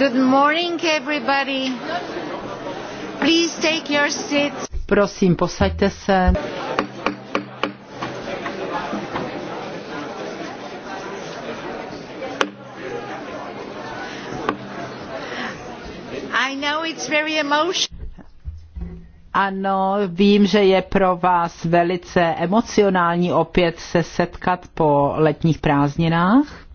Good morning, everybody. Please take your seats. Prosím, posaďte se. I know it's very emotional. Ano, vím, že je pro vás velice emocionální opět se setkat po letních prázdninách.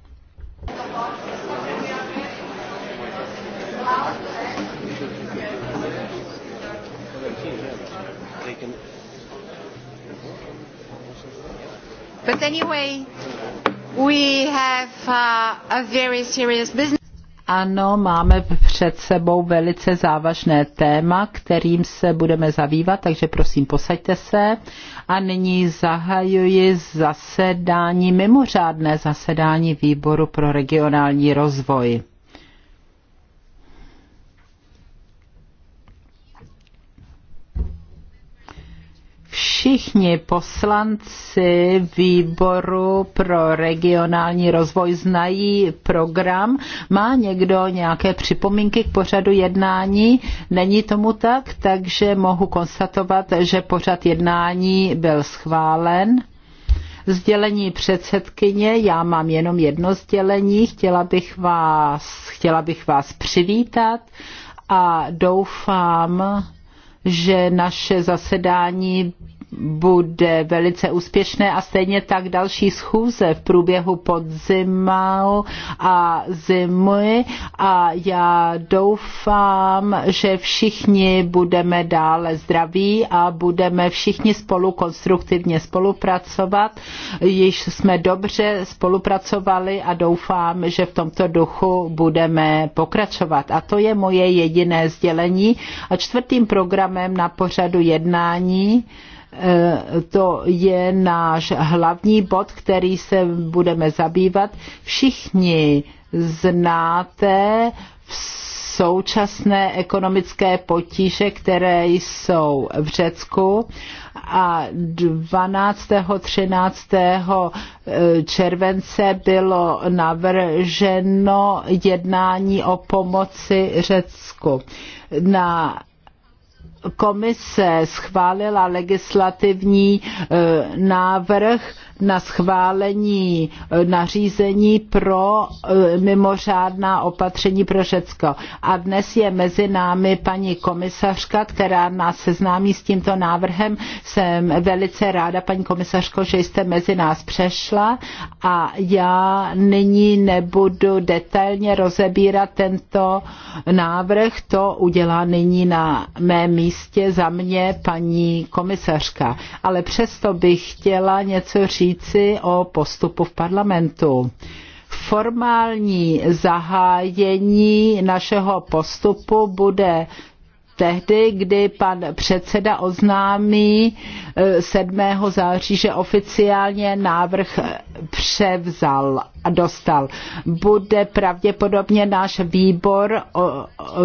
Anyway, we have uh, a very serious business. Ano, máme před sebou velice závažné téma, kterým se budeme zavývat, takže prosím, posaďte se. A nyní zahajuji zasedání, mimořádné zasedání výboru pro regionální rozvoj. Všichni poslanci výboru pro regionální rozvoj znají program. Má někdo nějaké připomínky k pořadu jednání? Není tomu tak, takže mohu konstatovat, že pořad jednání byl schválen sdělení předsedkyně. Já mám jenom jedno sdělení. Chtěla bych vás, chtěla bych vás přivítat a doufám, že naše zasedání bude velice úspěšné a stejně tak další schůze v průběhu podzima a zimy a já doufám, že všichni budeme dále zdraví a budeme všichni spolu konstruktivně spolupracovat. Již jsme dobře spolupracovali a doufám, že v tomto duchu budeme pokračovat. A to je moje jediné sdělení. A čtvrtým programem na pořadu jednání E, to je náš hlavní bod, který se budeme zabývat. Všichni znáte v současné ekonomické potíže, které jsou v Řecku a 12. 13. E, července bylo navrženo jednání o pomoci Řecku. Na komise schválila legislativní eh, návrh, na schválení eh, nařízení pro eh, mimořádná opatření pro Řecko. A dnes je mezi námi paní komisařka, která nás seznámí s tímto návrhem. Jsem velice ráda, paní komisařko, že jste mezi nás přešla a já nyní nebudu detailně rozebírat tento návrh. To udělá nyní na mém místě za mě paní komisařka. Ale přesto bych chtěla něco říct říci o postupu v parlamentu formální zahájení našeho postupu bude tehdy, kdy pan předseda oznámí 7. Eh, září, že oficiálně návrh převzal a dostal. Bude pravděpodobně náš výbor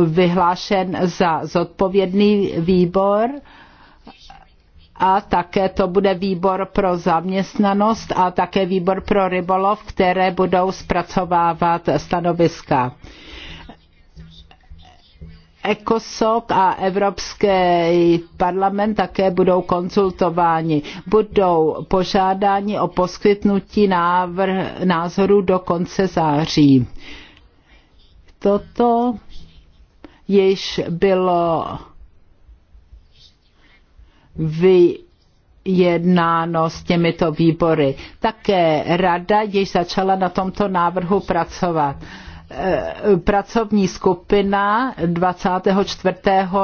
vyhlášen za zodpovědný výbor a také to bude výbor pro zaměstnanost a také výbor pro rybolov, které budou zpracovávat stanoviska. ECOSOC a Evropský parlament také budou konzultováni. Budou požádáni o poskytnutí návrh, názoru do konce září. Toto již bylo vy jednáno s těmito výbory. Také rada již začala na tomto návrhu pracovat. Eh, pracovní skupina 24.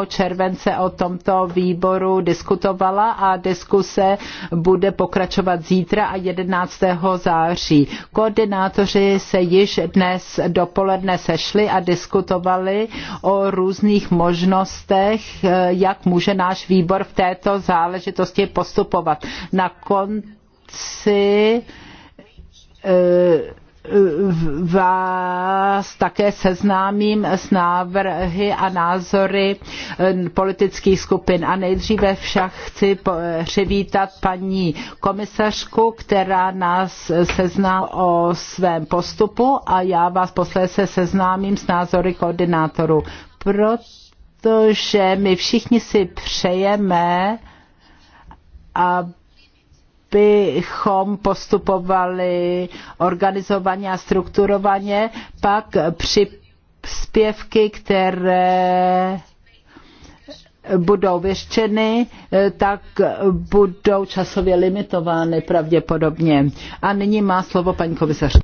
července o tomto výboru diskutovala a diskuse bude pokračovat zítra a 11. září. Koordinátoři se již dnes dopoledne sešli a diskutovali o různých možnostech, eh, jak může náš výbor v této záležitosti postupovat. Na konci eh, vás také seznámím s návrhy a názory eh, politických skupin. A nejdříve však chci přivítat paní komisařku, která nás sezná o svém postupu a já vás posléze seznámím s názory koordinátorů. Protože my všichni si přejeme, aby bychom postupovali organizovaně a strukturovaně, pak při zpěvky, které budou vyřčeny, tak budou časově limitovány pravděpodobně. A nyní má slovo paní komisař.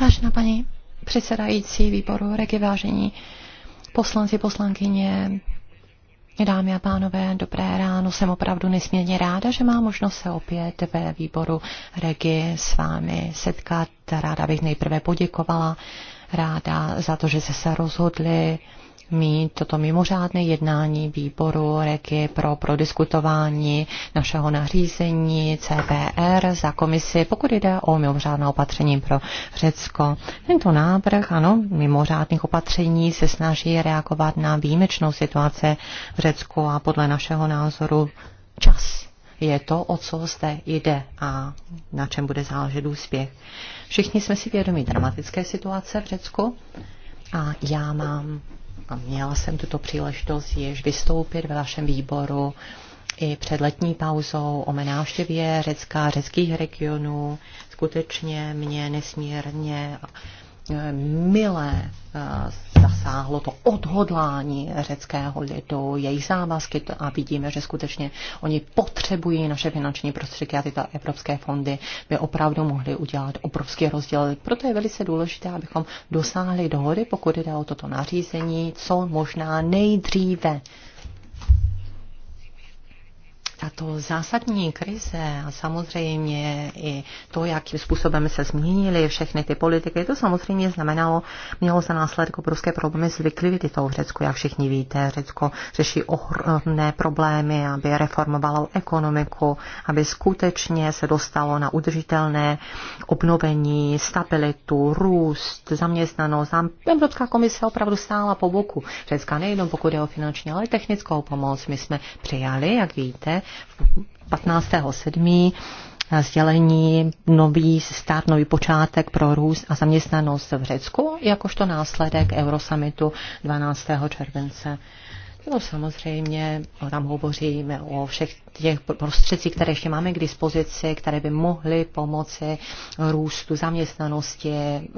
Vážená paní předsedající výboru regi, vážení poslanci, poslankyně, Dámy a pánové, dobré ráno. Jsem opravdu nesmírně ráda, že mám možnost se opět ve výboru Regi s vámi setkat. Ráda bych nejprve poděkovala ráda za to, že jste se rozhodli mít toto mimořádné jednání výboru REKY pro prodiskutování našeho nařízení CPR za komisi, pokud jde o mimořádná opatření pro Řecko. Tento návrh, ano, mimořádných opatření se snaží reagovat na výjimečnou situaci v Řecku a podle našeho názoru čas je to, o co zde jde a na čem bude záležet úspěch. Všichni jsme si vědomi dramatické situace v Řecku a já mám a měla jsem tuto příležitost již vystoupit ve vašem výboru i před letní pauzou o mé návštěvě Řecka, řeckých regionů. Skutečně mě nesmírně Eh, milé eh, zasáhlo to odhodlání řeckého lidu, jejich závazky a vidíme, že skutečně oni potřebují naše finanční prostředky a tyto evropské fondy by opravdu mohly udělat obrovský rozdíl. Proto je velice důležité, abychom dosáhli dohody, pokud jde o toto nařízení, co možná nejdříve tato zásadní krize a samozřejmě i to, jakým způsobem se změnily všechny ty politiky, to samozřejmě znamenalo, mělo za následek obrovské problémy s likviditou v Řecku. Jak všichni víte, Řecko řeší ohromné problémy, aby reformovalo ekonomiku, aby skutečně se dostalo na udržitelné obnovení, stabilitu, růst, zaměstnanost. A Evropská komise opravdu stála po boku Řecka, nejenom pokud je o finanční, ale i technickou pomoc. My jsme přijali, jak víte, 15.7. Eh, sdělení nový start, nový počátek pro růst a zaměstnanost v Řecku, jakožto následek Eurosamitu 12. července. No samozřejmě, tam hovoříme o všech těch prostředcích, které ještě máme k dispozici, které by mohly pomoci růstu zaměstnanosti ehm,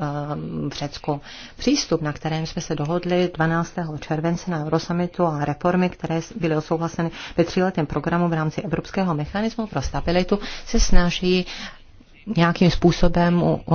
v Řecku. Přístup, na kterém jsme se dohodli 12. července na Eurosummitu a reformy, které byly odsouhlaseny ve tříletém programu v rámci Evropského mechanismu pro stabilitu, se snaží nějakým způsobem um,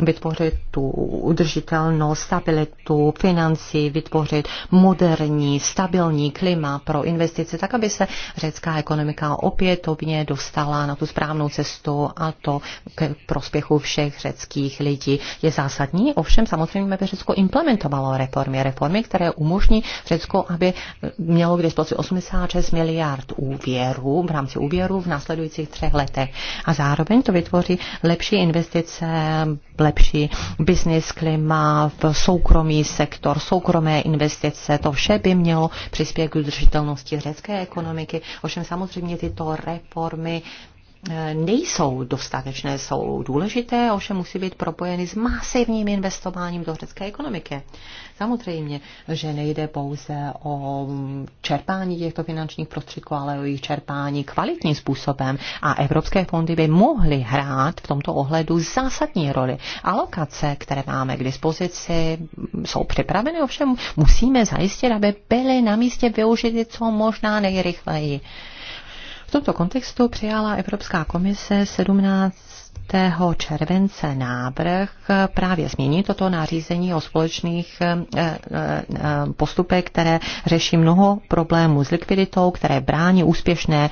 vytvořit tu udržitelnost, stabilitu financí, vytvořit moderní, stabilní klima pro investice, tak aby se řecká ekonomika opětovně dostala na tu správnou cestu a to k prospěchu všech řeckých lidí. Je zásadní, ovšem samozřejmě, by Řecko implementovalo reformy, reformy, které umožní Řecko, aby mělo k dispozici 86 miliard úvěru v rámci úvěru v následujících třech letech. A zároveň to vytvoří lepší investice, lepší business klima, v soukromý sektor, soukromé investice, to vše by mělo přispět k udržitelnosti řecké ekonomiky. Ovšem samozřejmě tyto reformy eh, nejsou dostatečné, jsou důležité, ovšem musí být propojeny s masivním investováním do řecké ekonomiky. Samozřejmě, že nejde pouze o čerpání těchto finančních prostředků, ale o jejich čerpání kvalitním způsobem. A evropské fondy by mohly hrát v tomto ohledu zásadní roli. Alokace, které máme k dispozici, jsou připraveny, ovšem musíme zajistit, aby byly na místě využity co možná nejrychleji. V tomto kontextu přijala Evropská komise 17 července návrh právě změní toto nařízení o společných eh, eh, postupech, které řeší mnoho problémů s likviditou, které brání úspěšné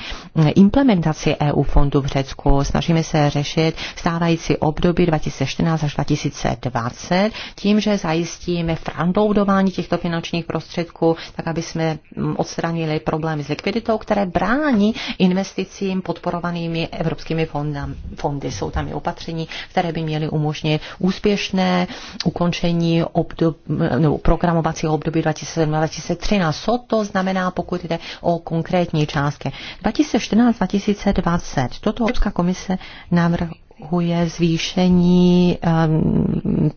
implementaci EU fondu v Řecku. Snažíme se řešit stávající období 2014 až 2020 tím, že zajistíme frandoudování těchto finančních prostředků, tak aby jsme mm, odstranili problémy s likviditou, které brání investicím podporovanými evropskými fondy. Jsou tam sociální opatření, které by měly umožnit úspěšné ukončení obdob, nebo programovacího období 2017 2013 Co to znamená, pokud jde o konkrétní částky? 2014-2020. Toto Evropská komise návrh navrhuje zvýšení ehm,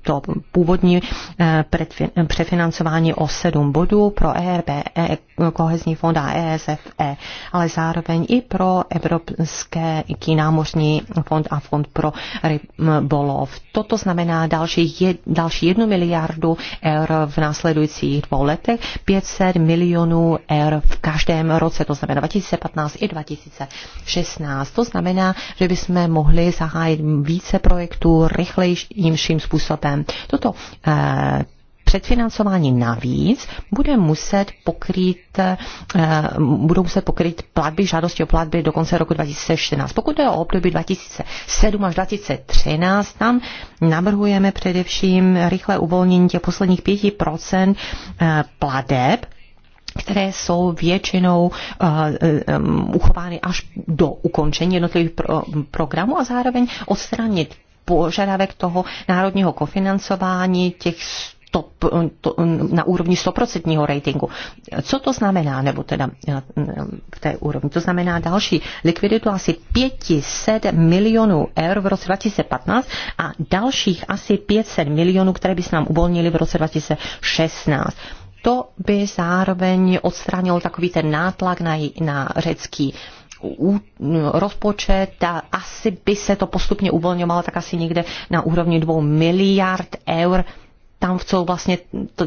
to původní eh, přefinancování o 7 bodů pro ERB, e, kohezní fond a ESFE, e, ale zároveň i pro Evropské námořní fond a fond pro rybolov. Toto znamená další, jed, další jednu miliardu eur v následujících dvou letech, 500 milionů eur v každém roce, to znamená 2015 i 2016. To znamená, že bychom mohli zahájit zahájit více projektů rychlejším způsobem. Toto eh, předfinancování navíc bude muset pokrýt, eh, budou muset pokrýt platby, žádosti o platby do konce roku 2014. Pokud je o období 2007 až 2013, tam navrhujeme především rychlé uvolnění těch posledních 5% eh, plateb které jsou většinou uh, um, uchovány až do ukončení jednotlivých pro, programů a zároveň odstranit požadavek toho národního kofinancování těch top, to, na úrovni 100% ratingu. Co to znamená, nebo teda eh, v té úrovni? To znamená další likviditu asi 500 milionů eur v roce 2015 a dalších asi 500 milionů, které by se nám uvolnili v roce 2016 to by zároveň odstranilo takový ten nátlak na, na řecký rozpočet a asi by se to postupně uvolňovalo tak asi někde na úrovni dvou miliard eur. Tam jsou vlastně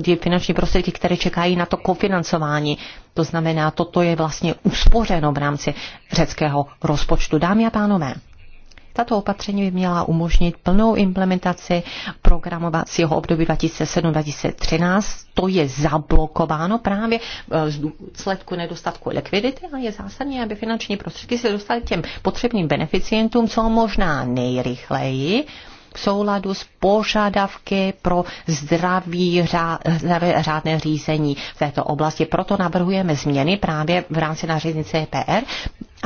ty finanční prostředky, které čekají na to kofinancování. To znamená, toto je vlastně uspořeno v rámci řeckého rozpočtu. Dámy a pánové, tato opatření by měla umožnit plnou implementaci programovacího období 2007-2013. To je zablokováno právě e, z důsledku nedostatku likvidity a je zásadní, aby finanční prostředky se dostaly těm potřebným beneficientům co možná nejrychleji v souladu s požadavky pro zdraví, řád, zdravé řádné řízení v této oblasti. Proto navrhujeme změny právě v rámci nařízení CPR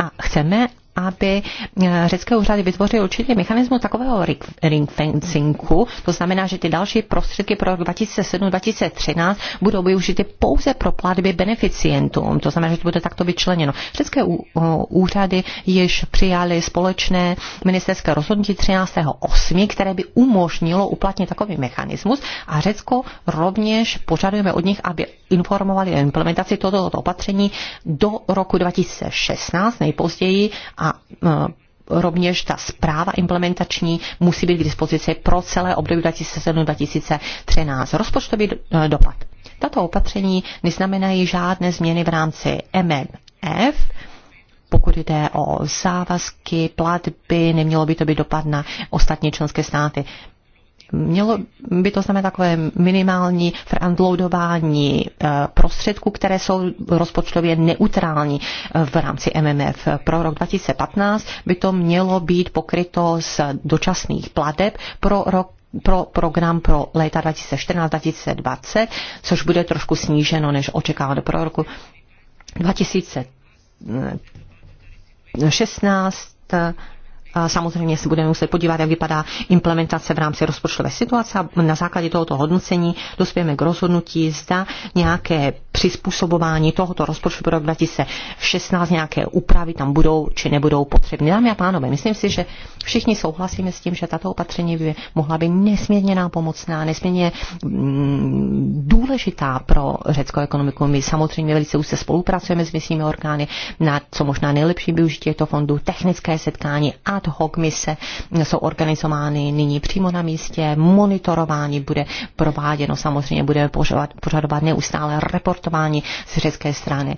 a chceme, aby eh, řecké úřady vytvořily určitý mechanismus takového ring fencingu, to znamená, že ty další prostředky pro rok 2007-2013 budou využity pouze pro platby beneficientům, to znamená, že to bude takto vyčleněno. Řecké eh, úřady již přijaly společné ministerské rozhodnutí 13.8., které by umožnilo uplatnit takový mechanismus a Řecko rovněž požadujeme od nich, aby informovali o implementaci tohoto opatření do roku 2016 nejpozději a e, rovněž ta zpráva implementační musí být k dispozici pro celé období 2007-2013. Rozpočtový e, dopad. Tato opatření neznamenají žádné změny v rámci MMF, pokud jde o závazky, platby, nemělo by to být dopad na ostatní členské státy. Mělo by to znamenat takové minimální frandloadování eh, prostředků, které jsou rozpočtově neutrální eh, v rámci MMF. Pro rok 2015 by to mělo být pokryto z dočasných plateb pro rok pro program pro léta 2014-2020, což bude trošku sníženo, než očekáváno pro roku 2016 Samozřejmě se budeme muset podívat, jak vypadá implementace v rámci rozpočtové situace a na základě tohoto hodnocení dospějeme k rozhodnutí, zda nějaké přizpůsobování tohoto rozpočtu pro rok 2016, nějaké úpravy tam budou či nebudou potřebné. Dámy a pánové, myslím si, že všichni souhlasíme s tím, že tato opatření by mohla být nesmírně nápomocná, nesmírně mm, důležitá pro řeckou ekonomiku. My samozřejmě velice už se spolupracujeme s místními orgány na co možná nejlepší využití těchto fondů, technické setkání a ad hoc mise jsou organizovány nyní přímo na místě, monitorování bude prováděno, samozřejmě budeme pořadovat neustále reportování z řecké strany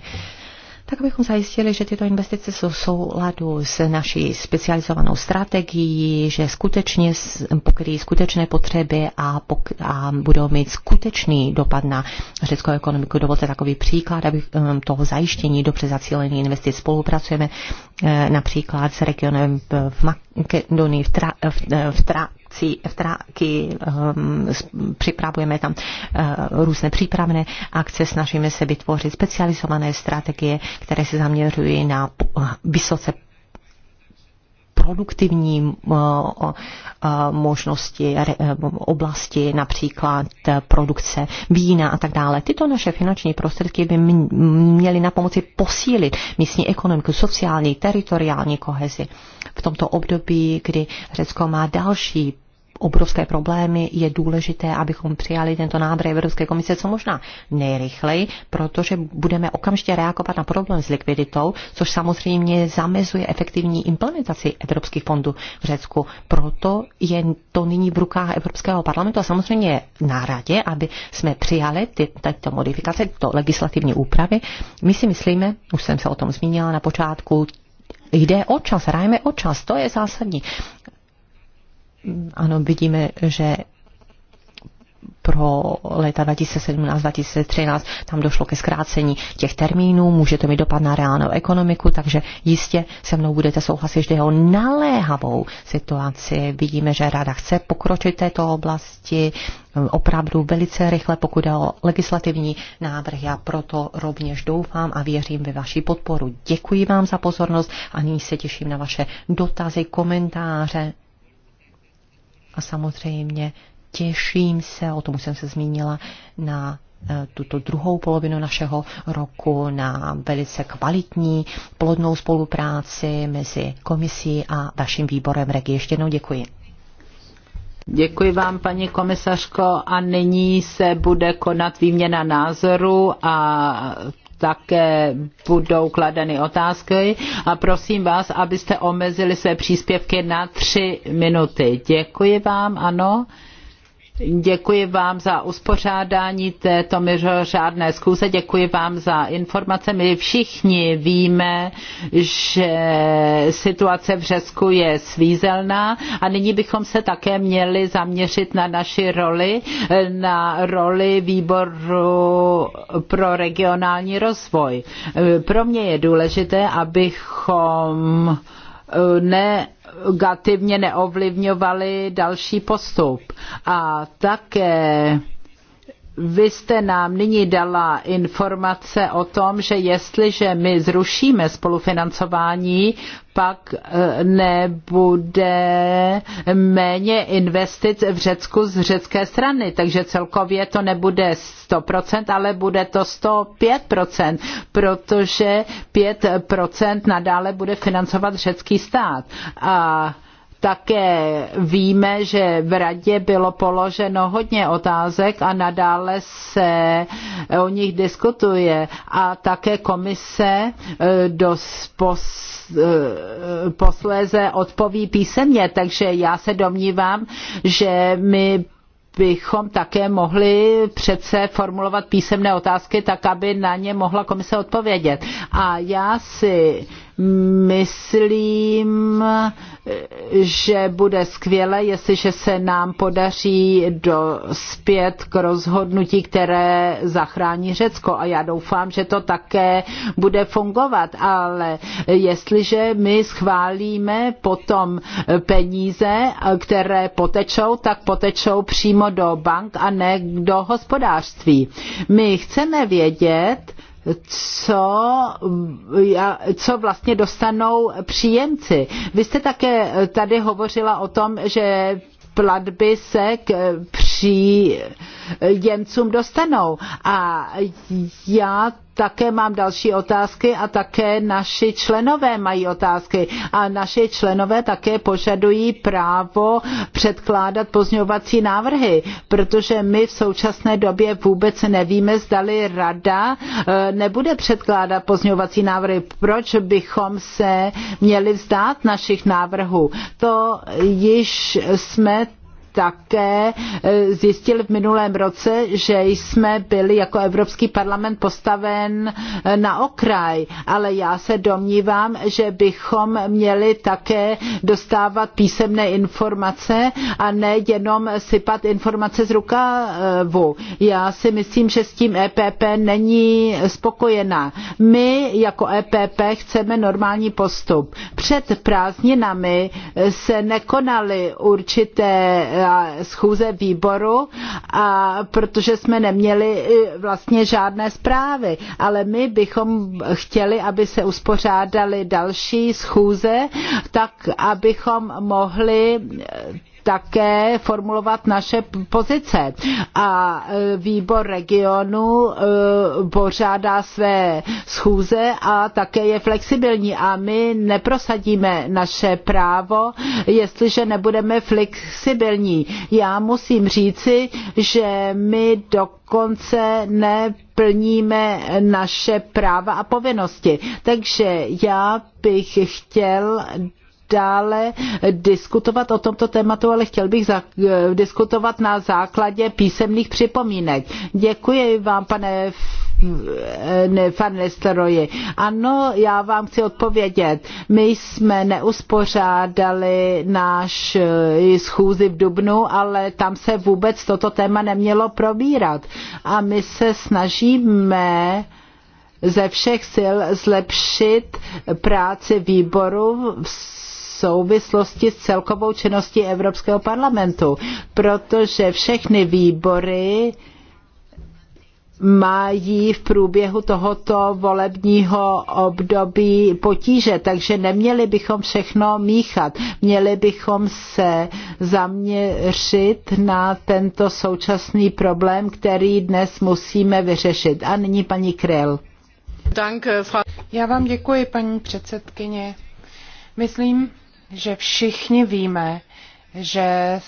tak abychom zajistili, že tyto investice jsou v souladu s naší specializovanou strategií, že skutečně pokryjí skutečné potřeby a, pok- a budou mít skutečný dopad na řeckou ekonomiku. Dovolte takový příklad, aby um, toho zajištění dobře zacílených investic spolupracujeme eh, například s regionem v Makedonii, v, tra- v, eh, v, tra- Tráci, v Tráky, um, ehm, připravujeme tam uh, různé přípravné akce, snažíme se vytvořit specializované strategie, které se zaměřují na eh, vysoce produktivní eh, možnosti, oblasti, například produkce vína a tak dále. Tyto naše finanční prostředky by měly na pomoci posílit místní ekonomiku, sociální, teritoriální kohezi. V tomto období, kdy Řecko má další obrovské problémy, je důležité, abychom přijali tento návrh Evropské komise co možná nejrychleji, protože budeme okamžitě reagovat na problém s likviditou, což samozřejmě zamezuje efektivní implementaci evropských fondů v Řecku. Proto je to nyní v rukách Evropského parlamentu a samozřejmě na radě, aby jsme přijali ty, tyto modifikace, tyto legislativní úpravy. My si myslíme, už jsem se o tom zmínila na počátku, jde o čas, hrajeme o čas, to je zásadní ano, vidíme, že pro léta 2017-2013 tam došlo ke zkrácení těch termínů, může to mít dopad na reálnou ekonomiku, takže jistě se mnou budete souhlasit, že jeho naléhavou situaci vidíme, že rada chce pokročit této oblasti opravdu velice rychle, pokud je o legislativní návrh. Já proto rovněž doufám a věřím ve vaši podporu. Děkuji vám za pozornost a nyní se těším na vaše dotazy, komentáře a samozřejmě těším se, o tom už jsem se zmínila, na e, tuto druhou polovinu našeho roku na velice kvalitní, plodnou spolupráci mezi komisí a vaším výborem Regi. Ještě jednou děkuji. Děkuji vám, paní komisařko, a nyní se bude konat výměna názoru a také budou kladeny otázky a prosím vás, abyste omezili své příspěvky na tři minuty. Děkuji vám, ano. Děkuji vám za uspořádání této mimořádné zkouze, děkuji vám za informace. My všichni víme, že situace v Řecku je svízelná a nyní bychom se také měli zaměřit na naši roli, na roli výboru pro regionální rozvoj. Pro mě je důležité, abychom ne negativně neovlivňovaly další postup. A také vy jste nám nyní dala informace o tom, že jestliže my zrušíme spolufinancování, pak eh, nebude méně investic v Řecku z řecké strany, takže celkově to nebude 100%, ale bude to 105%, protože 5% nadále bude financovat řecký stát. A také víme, že v radě bylo položeno hodně otázek a nadále se o nich diskutuje. A také komise e, pos, e, posléze odpoví písemně, takže já se domnívám, že my bychom také mohli přece formulovat písemné otázky tak, aby na ně mohla komise odpovědět. A já si myslím, že bude skvěle, jestliže se nám podaří dospět k rozhodnutí, které zachrání Řecko. A já doufám, že to také bude fungovat. Ale jestliže my schválíme potom peníze, které potečou, tak potečou přímo do bank a ne do hospodářství. My chceme vědět, co, co vlastně dostanou příjemci. Vy jste také tady hovořila o tom, že platby se k, při příjemcům eh, dostanou. A já také mám další otázky a také naši členové mají otázky. A naši členové také požadují právo předkládat pozňovací návrhy, protože my v současné době vůbec nevíme, zdali rada eh, nebude předkládat pozňovací návrhy. Proč bychom se měli vzdát našich návrhů? To již jsme také eh, zjistil v minulém roce, že jsme byli jako Evropský parlament postaven eh, na okraj, ale já se domnívám, že bychom měli také dostávat písemné informace a ne jenom sypat informace z rukavu. Já si myslím, že s tím EPP není spokojená. My jako EPP chceme normální postup. Před prázdninami se nekonaly určité eh, Eh, schůze výboru, a protože jsme neměli eh, vlastně žádné zprávy. Ale my bychom chtěli, aby se uspořádali další schůze, tak abychom mohli eh, také formulovat naše pozice. A e, výbor regionu e, pořádá své schůze a také je flexibilní a my neprosadíme naše právo, jestliže nebudeme flexibilní. Já musím říci, že my dokonce ne plníme naše práva a povinnosti. Takže já bych chtěl dále diskutovat o tomto tématu, ale chtěl bych za, eh, diskutovat na základě písemných připomínek. Děkuji vám, pane eh, ne, pan Nestoroji. Ano, já vám chci odpovědět. My jsme neuspořádali náš eh, schůzi v Dubnu, ale tam se vůbec toto téma nemělo probírat. A my se snažíme ze všech sil zlepšit práci výboru v souvislosti s celkovou činností Evropského parlamentu, protože všechny výbory mají v průběhu tohoto volebního období potíže, takže neměli bychom všechno míchat. Měli bychom se zaměřit na tento současný problém, který dnes musíme vyřešit. A nyní paní Kryl. Já vám děkuji, paní předsedkyně. Myslím, že všichni víme, že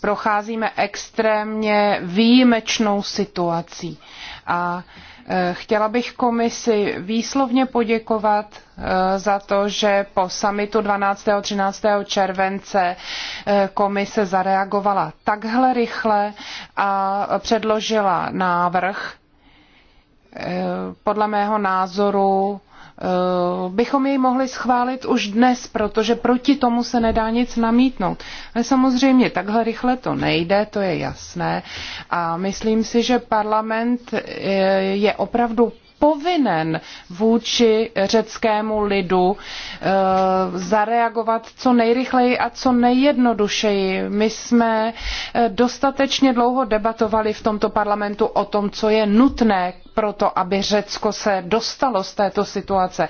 procházíme extrémně výjimečnou situací. A e, chtěla bych komisi výslovně poděkovat e, za to, že po samitu 12. a 13. července e, komise zareagovala takhle rychle a předložila návrh podle mého názoru Eh, bychom jej mohli schválit už dnes, protože proti tomu se nedá nic namítnout. Ale samozřejmě takhle rychle to nejde, to je jasné. A myslím si, že parlament eh, je opravdu povinen vůči řeckému lidu eh, zareagovat co nejrychleji a co nejjednodušeji. My jsme dostatečně dlouho debatovali v tomto parlamentu o tom, co je nutné pro to, aby Řecko se dostalo z této situace.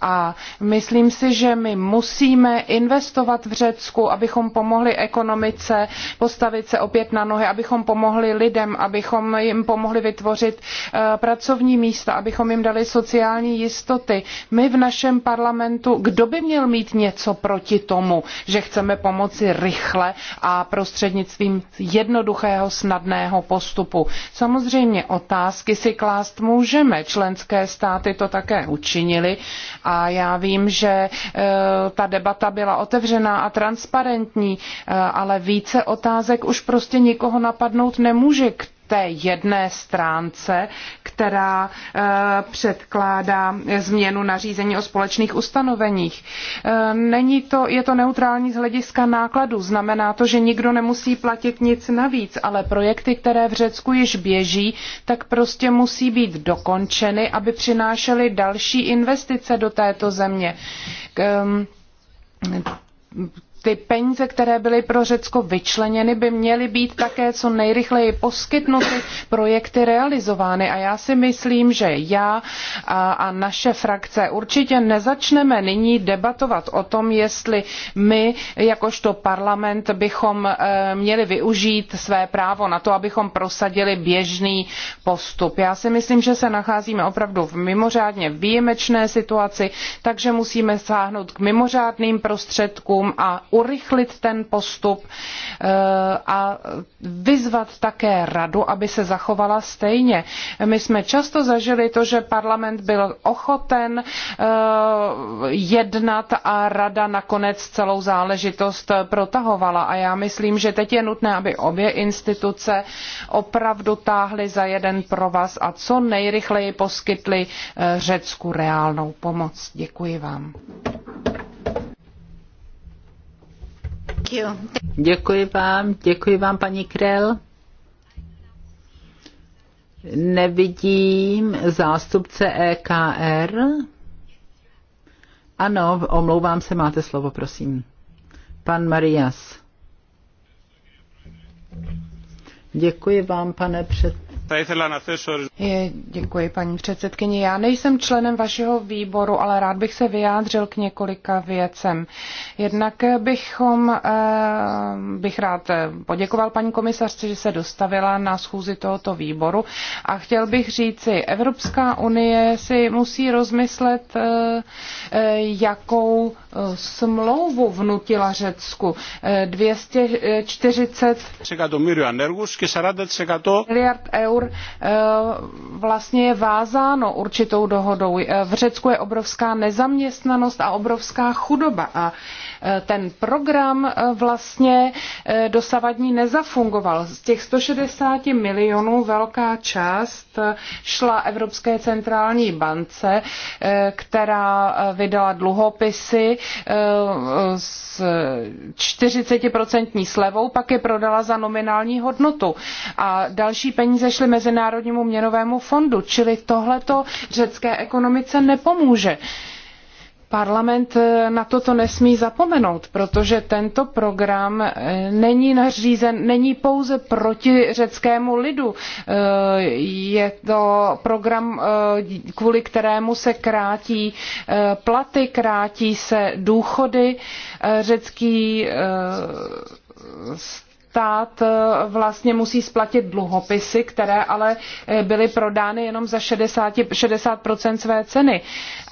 A myslím si, že my musíme investovat v Řecku, abychom pomohli ekonomice postavit se opět na nohy, abychom pomohli lidem, abychom jim pomohli vytvořit eh, pracovní místa, abychom jim dali sociální jistoty. My v našem parlamentu, kdo by měl mít něco proti tomu, že chceme pomoci rychle a prostřednictvím jednoduchého, snadného postupu. Samozřejmě otázky si klás část můžeme. Členské státy to také učinili a já vím, že e, ta debata byla otevřená a transparentní, e, ale více otázek už prostě nikoho napadnout nemůže té jedné stránce, která eh, předkládá změnu nařízení o společných ustanoveních. Eh, není to, je to neutrální z hlediska nákladů. Znamená to, že nikdo nemusí platit nic navíc, ale projekty, které v Řecku již běží, tak prostě musí být dokončeny, aby přinášely další investice do této země ehm, ty peníze, které byly pro Řecko vyčleněny, by měly být také co nejrychleji poskytnuty projekty realizovány. A já si myslím, že já a, a naše frakce určitě nezačneme nyní debatovat o tom, jestli my jakožto parlament bychom e, měli využít své právo na to, abychom prosadili běžný postup. Já si myslím, že se nacházíme opravdu v mimořádně výjimečné situaci, takže musíme sáhnout k mimořádným prostředkům a urychlit ten postup eh, a vyzvat také radu, aby se zachovala stejně. My jsme často zažili to, že parlament byl ochoten eh, jednat a rada nakonec celou záležitost protahovala. A já myslím, že teď je nutné, aby obě instituce opravdu táhly za jeden provaz a co nejrychleji poskytly eh, Řecku reálnou pomoc. Děkuji vám. Děkuji vám, děkuji vám, paní Krell. Nevidím zástupce EKR. Ano, omlouvám se, máte slovo, prosím. Pan Marias. Děkuji vám, pane předsedo Děkuji, paní předsedkyně. Já nejsem členem vašeho výboru, ale rád bych se vyjádřil k několika věcem. Jednak bychom, eh, bych rád eh, poděkoval paní komisařce, že se dostavila na schůzi tohoto výboru a chtěl bych říci, Evropská unie si musí rozmyslet, eh, jakou smlouvu vnutila Řecku. 240 miliard eur eur eh, vlastně je vázáno určitou dohodou. Eh, v Řecku je obrovská nezaměstnanost a obrovská chudoba a eh, ten program vlastně dosavadní nezafungoval. Z těch 160 milionů velká část šla Evropské centrální bance, která vydala dluhopisy s 40% slevou, pak je prodala za nominální hodnotu. A další peníze šly pomoci Mezinárodnímu měnovému fondu, čili tohleto řecké ekonomice nepomůže. Parlament eh, na toto nesmí zapomenout, protože tento program eh, není nařízen, není pouze proti řeckému lidu. Eh, je to program, kvůli kterému se krátí platy, krátí se důchody. Řecký stát eh, vlastně musí splatit dluhopisy, které ale eh, byly prodány jenom za 60, 60% své ceny.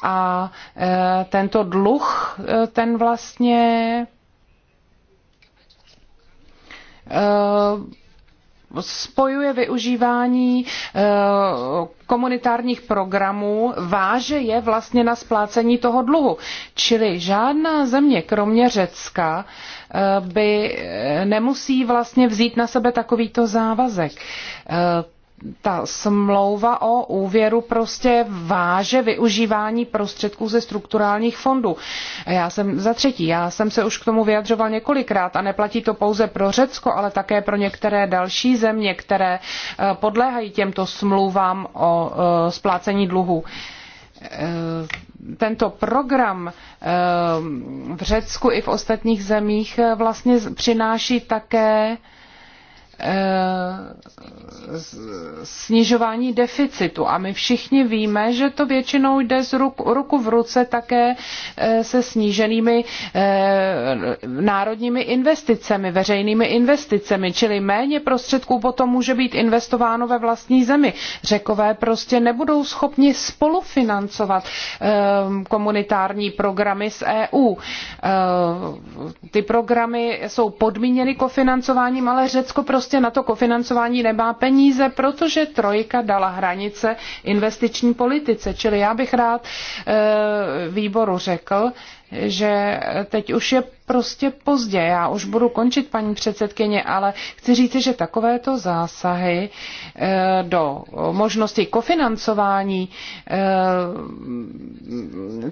A eh, tento dluh, ten vlastně spojuje využívání eh, komunitárních programů, váže je vlastně na splácení toho dluhu. Čili žádná země, kromě Řecka, eh, by eh, nemusí vlastně vzít na sebe takovýto závazek ta smlouva o úvěru prostě váže využívání prostředků ze strukturálních fondů. Já jsem za třetí, já jsem se už k tomu vyjadřoval několikrát a neplatí to pouze pro Řecko, ale také pro některé další země, které eh, podléhají těmto smlouvám o eh, splácení dluhů eh, tento program v Řecku i v ostatních zemích vlastně přináší také Eh, snižování deficitu. A my všichni víme, že to většinou jde z ruku, ruku v ruce také eh, se sníženými eh, národními investicemi, veřejnými investicemi, čili méně prostředků potom může být investováno ve vlastní zemi. Řekové prostě nebudou schopni spolufinancovat komunitární programy z EU. Ty programy jsou podmíněny kofinancováním, ale Řecko prostě prostě na to kofinancování nemá peníze, protože trojka dala hranice investiční politice. Čili já bych rád eh, výboru řekl, že teď už je prostě pozdě. Já už budu končit, paní předsedkyně, ale chci říct, že takovéto zásahy eh, do možností kofinancování, eh,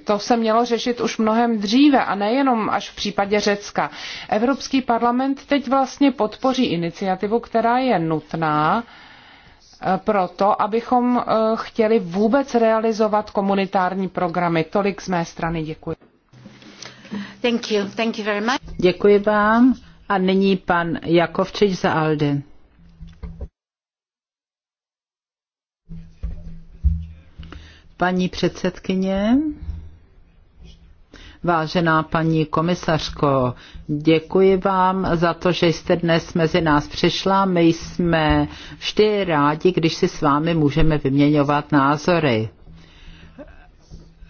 to se mělo řešit už mnohem dříve a nejenom až v případě Řecka. Evropský parlament teď vlastně podpoří iniciativu, která je nutná, eh, proto, abychom chtěli vůbec realizovat komunitární programy. Tolik z mé strany děkuji. Děkuji vám. A nyní pan Jakovčič za Alden. Paní předsedkyně, vážená paní komisařko, děkuji vám za to, že jste dnes mezi nás přišla. My jsme vždy rádi, když si s vámi můžeme vyměňovat názory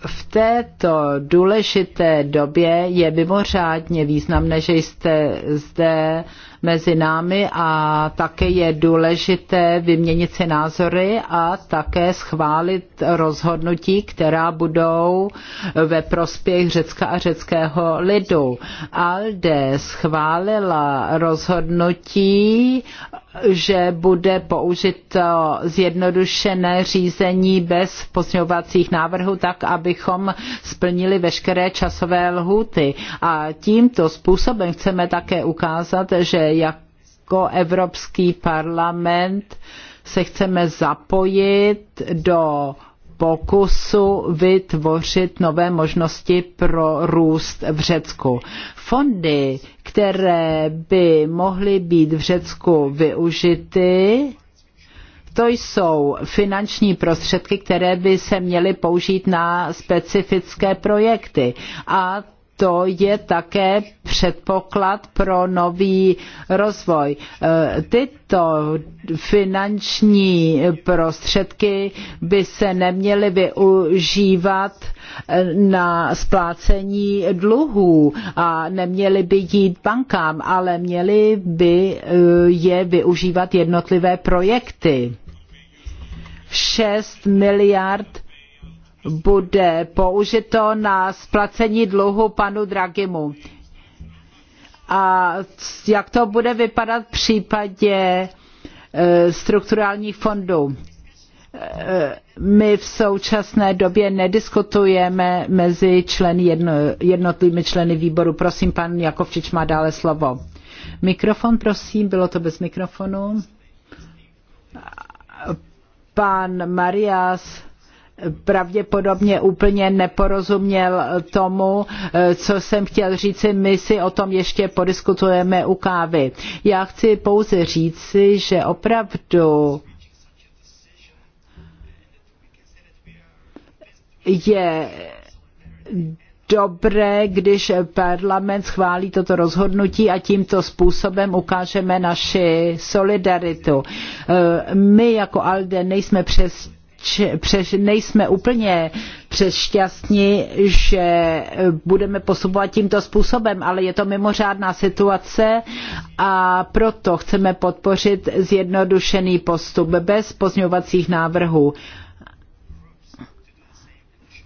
v této důležité době je mimořádně významné, že jste zde mezi námi a také je důležité vyměnit si názory a také schválit rozhodnutí, která budou ve prospěch Řecka a řeckého lidu. ALDE schválila rozhodnutí že bude použito zjednodušené řízení bez pozměňovacích návrhů, tak abychom splnili veškeré časové lhuty. A tímto způsobem chceme také ukázat, že jako Evropský parlament se chceme zapojit do pokusu vytvořit nové možnosti pro růst v Řecku. Fondy, které by mohly být v Řecku využity, to jsou finanční prostředky, které by se měly použít na specifické projekty. A to je také předpoklad pro nový rozvoj. E, tyto finanční prostředky by se neměly využívat e, na splácení dluhů a neměly by jít bankám, ale měly by e, je využívat jednotlivé projekty. 6 miliard bude použito na splacení dluhu panu Dragimu. A jak to bude vypadat v případě e, strukturálních fondů? E, my v současné době nediskutujeme mezi členy jedno, jednotlivými členy výboru. Prosím, pan Jakovčič má dále slovo. Mikrofon, prosím, bylo to bez mikrofonu. Pan Marias pravděpodobně úplně neporozuměl tomu, co jsem chtěl říci. My si o tom ještě podiskutujeme u kávy. Já chci pouze říci, že opravdu je dobré, když parlament schválí toto rozhodnutí a tímto způsobem ukážeme naši solidaritu. My jako ALDE nejsme přes přeš, nejsme úplně přešťastní, že budeme postupovat tímto způsobem, ale je to mimořádná situace a proto chceme podpořit zjednodušený postup bez pozňovacích návrhů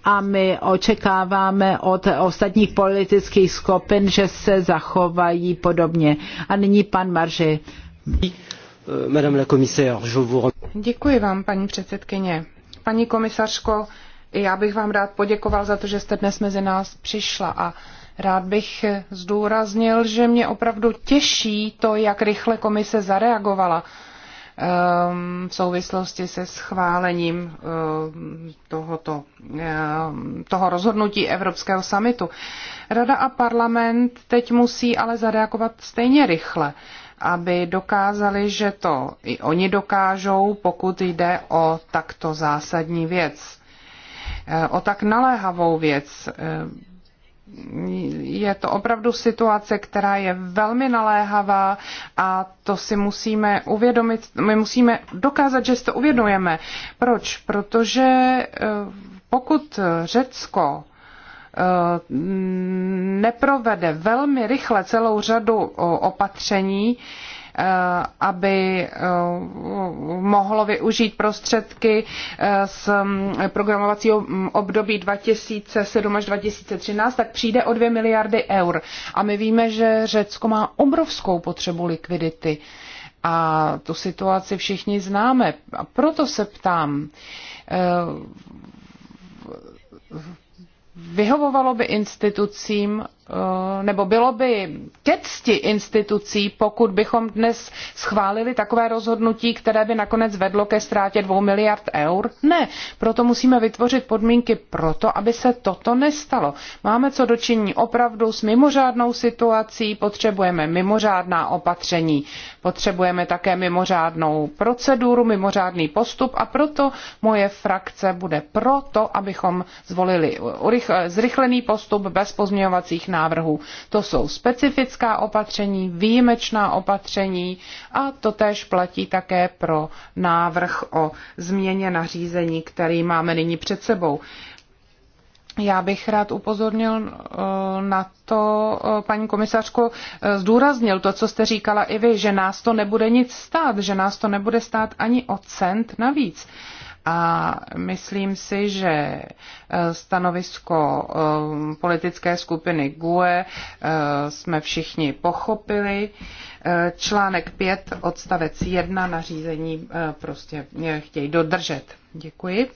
a my očekáváme od ostatních politických skupin, že se zachovají podobně. A nyní pan Marži. Euh, Madame la commissaire, je vous Děkuji vám, paní předsedkyně. Paní komisařko, já bych vám rád poděkoval za to, že jste dnes mezi nás přišla a rád bych zdůraznil, že mě opravdu těší to, jak rychle komise zareagovala ehm, v souvislosti se schválením ehm, tohoto, ehm, toho rozhodnutí Evropského samitu. Rada a parlament teď musí ale zareagovat stejně rychle aby dokázali, že to i oni dokážou, pokud jde o takto zásadní věc, eh, o tak naléhavou věc. Eh, je to opravdu situace, která je velmi naléhavá a to si musíme uvědomit, my musíme dokázat, že si to uvědomujeme. Proč? Protože eh, pokud Řecko Eh, neprovede velmi rychle celou řadu opatření, eh, aby eh, mohlo využít prostředky z mm, programovacího mm, období 2007 až 2013, tak přijde o 2 miliardy eur. A my víme, že Řecko má obrovskou potřebu likvidity. A tu situaci všichni známe. A proto se ptám, Vyhovovalo by institucím Eh, nebo bylo by ke cti institucí, pokud bychom dnes schválili takové rozhodnutí, které by nakonec vedlo ke ztrátě dvou miliard eur? Ne, proto musíme vytvořit podmínky pro to, aby se toto nestalo. Máme co dočinění opravdu s mimořádnou situací, potřebujeme mimořádná opatření, potřebujeme také mimořádnou proceduru, mimořádný postup a proto moje frakce bude proto, abychom zvolili zrychlený postup bez pozměňovacích návrhů návrhů. To jsou specifická opatření, výjimečná opatření a to též platí také pro návrh o změně nařízení, který máme nyní před sebou. Já bych rád upozornil eh, na to, eh, paní komisařko, eh, zdůraznil to, co jste říkala i vy, že nás to nebude nic stát, že nás to nebude stát ani o cent navíc. A myslím si, že eh, stanovisko eh, politické skupiny GUE eh, jsme všichni pochopili. Článek 5, odstavec 1 nařízení prostě chtějí dodržet. Děkuji.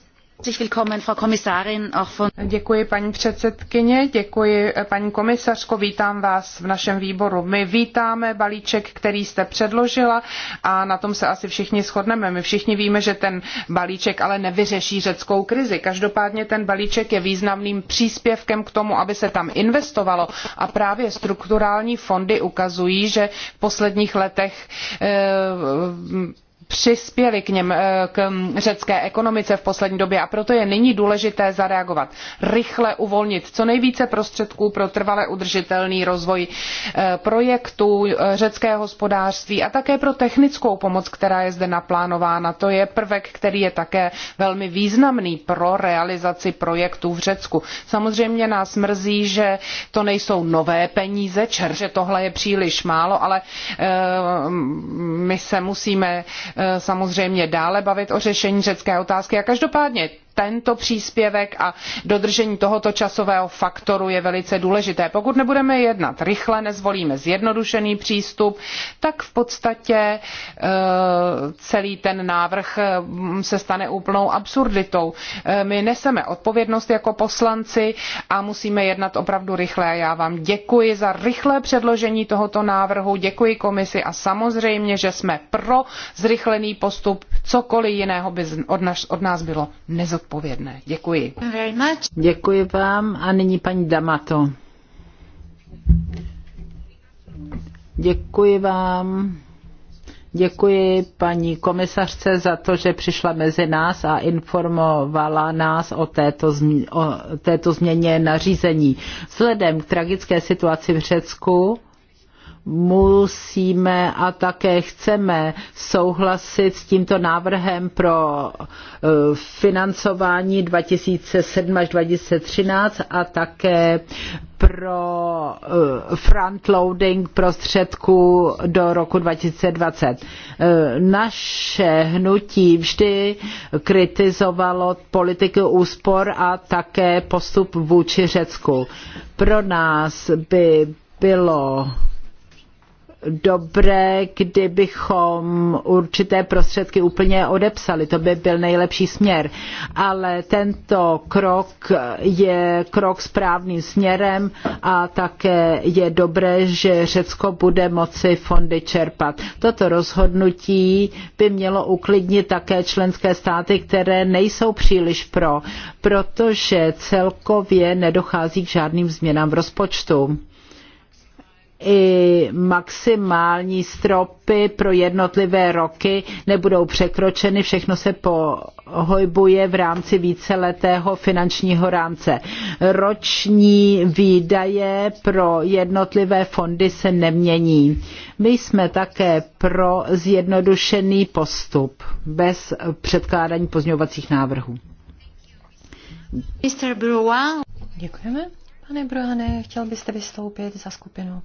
Děkuji paní předsedkyně, děkuji paní komisařko, vítám vás v našem výboru. My vítáme balíček, který jste předložila a na tom se asi všichni shodneme. My všichni víme, že ten balíček ale nevyřeší řeckou krizi. Každopádně ten balíček je významným příspěvkem k tomu, aby se tam investovalo a právě strukturální fondy ukazují, že v posledních letech eh, přispěly k, něm, eh, k řecké ekonomice v poslední době a proto je nyní důležité zareagovat. Rychle uvolnit co nejvíce prostředků pro trvale udržitelný rozvoj eh, projektů eh, Řeckého hospodářství a také pro technickou pomoc, která je zde naplánována. To je prvek, který je také velmi významný pro realizaci projektů v Řecku. Samozřejmě nás mrzí, že to nejsou nové peníze, čer, že tohle je příliš málo, ale my se musíme Eh, samozřejmě dále bavit o řešení řecké otázky a každopádně tento příspěvek a dodržení tohoto časového faktoru je velice důležité. Pokud nebudeme jednat rychle, nezvolíme zjednodušený přístup, tak v podstatě e, celý ten návrh e, se stane úplnou absurditou. E, my neseme odpovědnost jako poslanci a musíme jednat opravdu rychle. Já vám děkuji za rychlé předložení tohoto návrhu, děkuji komisi a samozřejmě, že jsme pro zrychlený postup, cokoliv jiného by od nás bylo nezodpovědné zodpovědné. Děkuji. Děkuji vám a nyní paní Damato. Děkuji vám. Děkuji paní komisařce za to, že přišla mezi nás a informovala nás o této, o této změně nařízení. Vzhledem k tragické situaci v Řecku, musíme a také chceme souhlasit s tímto návrhem pro eh, financování 2007 až 2013 a také pro eh, frontloading prostředků do roku 2020. Eh, naše hnutí vždy kritizovalo politiku úspor a také postup vůči Řecku. Pro nás by bylo dobré, kdybychom určité prostředky úplně odepsali. To by byl nejlepší směr. Ale tento krok je krok správným směrem a také je dobré, že Řecko bude moci fondy čerpat. Toto rozhodnutí by mělo uklidnit také členské státy, které nejsou příliš pro, protože celkově nedochází k žádným změnám v rozpočtu i maximální stropy pro jednotlivé roky nebudou překročeny, všechno se pohojbuje v rámci víceletého finančního rámce. Roční výdaje pro jednotlivé fondy se nemění. My jsme také pro zjednodušený postup bez předkládání pozňovacích návrhů. Mr. Děkujeme. Pane Brohane, chtěl byste vystoupit za skupinu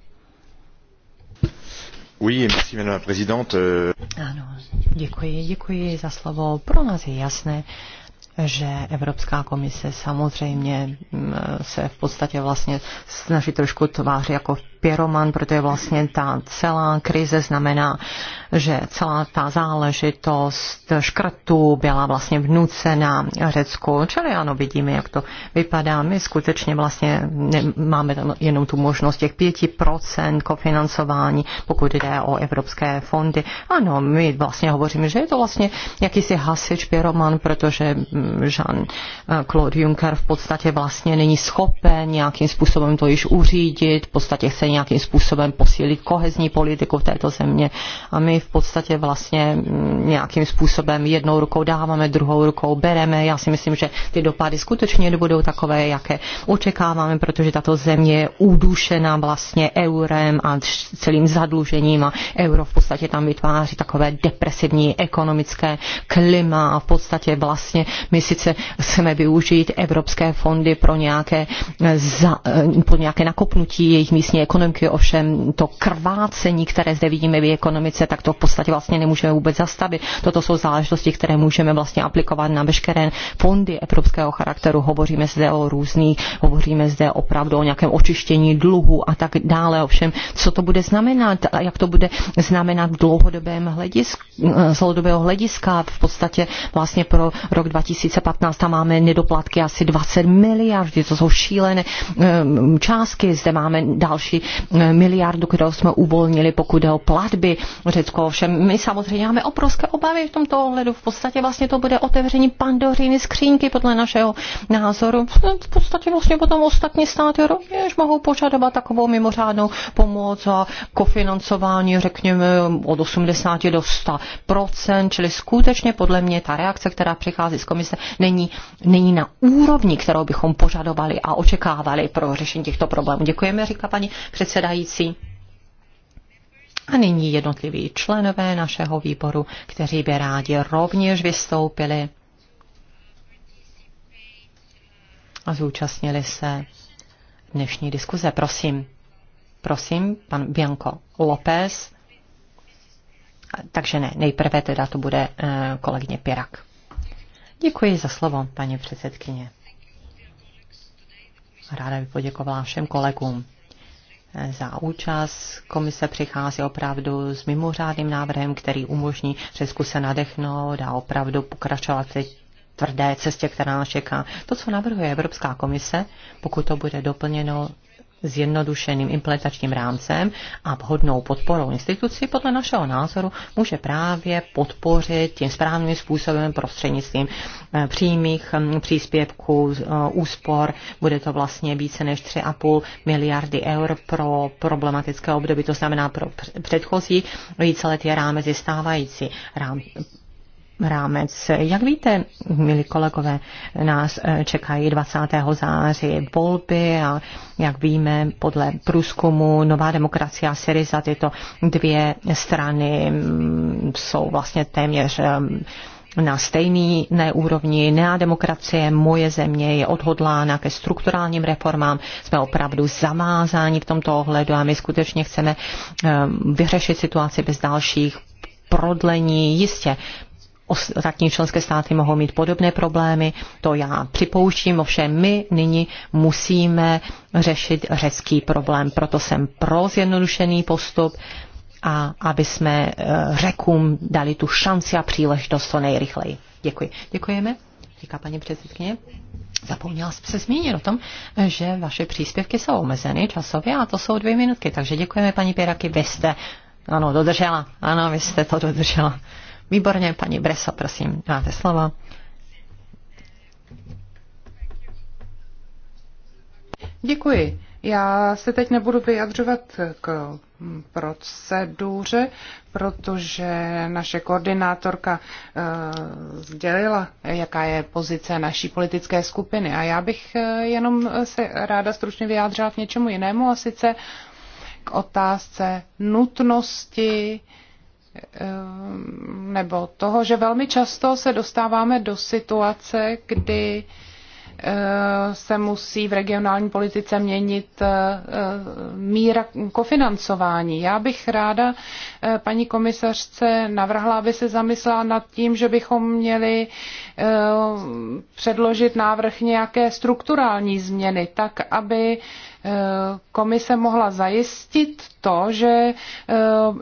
ano, děkuji, děkuji za slovo. Pro nás je jasné, že Evropská komise samozřejmě mm, se v podstatě vlastně snaží trošku tvář jako pyroman, protože vlastně ta celá krize znamená, že celá ta záležitost škrtu byla vlastně vnucena Řecku. Čili ano, vidíme, jak to vypadá. My skutečně vlastně máme jenom tu možnost těch 5% kofinancování, pokud jde o evropské fondy. Ano, my vlastně hovoříme, že je to vlastně jakýsi hasič pyroman, protože mm, Jean-Claude eh, Juncker v podstatě vlastně není schopen nějakým způsobem to již uřídit, v podstatě chce nějakým způsobem posílit kohezní politiku v této země a my v podstatě vlastně mm, nějakým způsobem jednou rukou dáváme, druhou rukou bereme. Já si myslím, že ty dopady skutečně budou takové, jaké očekáváme, protože tato země je udušená vlastně eurem a celým zadlužením a euro v podstatě tam vytváří takové depresivní ekonomické klima a v podstatě vlastně my sice chceme využít evropské fondy pro nějaké, za, eh, pro nějaké nakopnutí jejich místní ekonomiky, ekonomiky, ovšem to krvácení, které zde vidíme v ekonomice, tak to v podstatě vlastně nemůžeme vůbec zastavit. Toto jsou záležitosti, které můžeme vlastně aplikovat na veškeré fondy evropského charakteru. Hovoříme zde o různých, hovoříme zde opravdu o nějakém očištění dluhu a tak dále. Ovšem, co to bude znamenat, jak to bude znamenat v dlouhodobém hledisku, z dlouhodobého hlediska, v podstatě vlastně pro rok 2015 tam máme nedoplatky asi 20 miliard, to jsou šílené ehm, částky, zde máme další miliardu, kterou jsme uvolnili, pokud jde o platby Řecko. Ovšem my samozřejmě máme obrovské obavy v tomto ohledu. V podstatě vlastně to bude otevření pandoriny skřínky podle našeho názoru. V podstatě vlastně potom ostatní státy rovněž mohou požadovat takovou mimořádnou pomoc a kofinancování, řekněme, od 80 do 100 čili skutečně podle mě ta reakce, která přichází z komise, není, není na úrovni, kterou bychom požadovali a očekávali pro řešení těchto problémů. Děkujeme, říká paní předsedající. A nyní jednotliví členové našeho výboru, kteří by rádi rovněž vystoupili a zúčastnili se dnešní diskuze. Prosím, prosím, pan Bianco López. Takže ne, nejprve teda to bude eh, kolegyně Pirak. Děkuji za slovo, paní předsedkyně. Ráda bych poděkovala všem kolegům Eh, za účast. Komise přichází opravdu s mimořádným návrhem, který umožní Česku se nadechnout a opravdu pokračovat v tvrdé cestě, která nás čeká. To, co navrhuje Evropská komise, pokud to bude doplněno zjednodušeným implementačním rámcem a vhodnou podporou institucí podle našeho názoru může právě podpořit tím správným způsobem prostřednictvím eh, přímých hm, příspěvků, eh, úspor. Bude to vlastně více než 3,5 miliardy eur pro problematické období, to znamená pro předchozí víceletý rámec je stávající rám, rámec. Jak víte, milí kolegové, nás eh, čekají 20. září volby a jak víme, podle průzkumu Nová demokracie a Syriza tyto dvě strany mm, jsou vlastně téměř eh, na stejný ne úrovni nea demokracie. Moje země je odhodlána ke strukturálním reformám. Jsme opravdu zamázáni v tomto ohledu a my skutečně chceme eh, vyřešit situaci bez dalších prodlení. Jistě ostatní členské státy mohou mít podobné problémy, to já připouštím, ovšem my nyní musíme řešit řecký problém. Proto jsem pro zjednodušený postup a aby jsme eh, řekům dali tu šanci a příležitost co nejrychleji. Děkuji. Děkujeme, říká paní předsedkyně. Zapomněla jsem se zmínit o tom, že vaše příspěvky jsou omezeny časově a to jsou dvě minutky. Takže děkujeme paní Pěraky, vy jste ano, dodržela. Ano, vy jste to dodržela. Výborně, paní Bresa, prosím, máte slovo. Děkuji. Já se teď nebudu vyjadřovat k proceduře, protože naše koordinátorka uh, sdělila, jaká je pozice naší politické skupiny. A já bych uh, jenom se ráda stručně vyjádřila k něčemu jinému, a sice k otázce nutnosti uh, Ehm, nebo toho, že velmi často se dostáváme do situace, kdy Eh, se musí v regionální politice měnit eh, eh, míra kofinancování. Já bych ráda paní komisařce navrhla, aby se zamyslela nad tím, že bychom měli předložit návrh nějaké strukturální změny, tak aby komise mohla zajistit to, že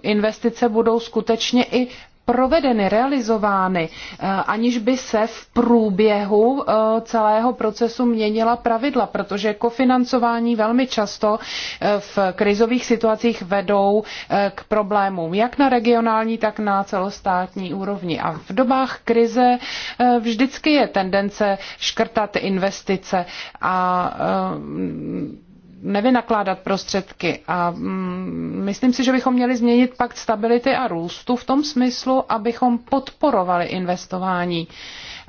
investice budou skutečně i provedeny, realizovány, eh, aniž by se v průběhu eh, celého procesu měnila pravidla, protože kofinancování velmi často eh, v krizových situacích vedou k problémům jak na regionální, tak na celostátní úrovni. A v dobách krize vždycky je tendence škrtat investice a nevynakládat prostředky. A mm, myslím si, že bychom měli změnit pakt stability a růstu v tom smyslu, abychom podporovali investování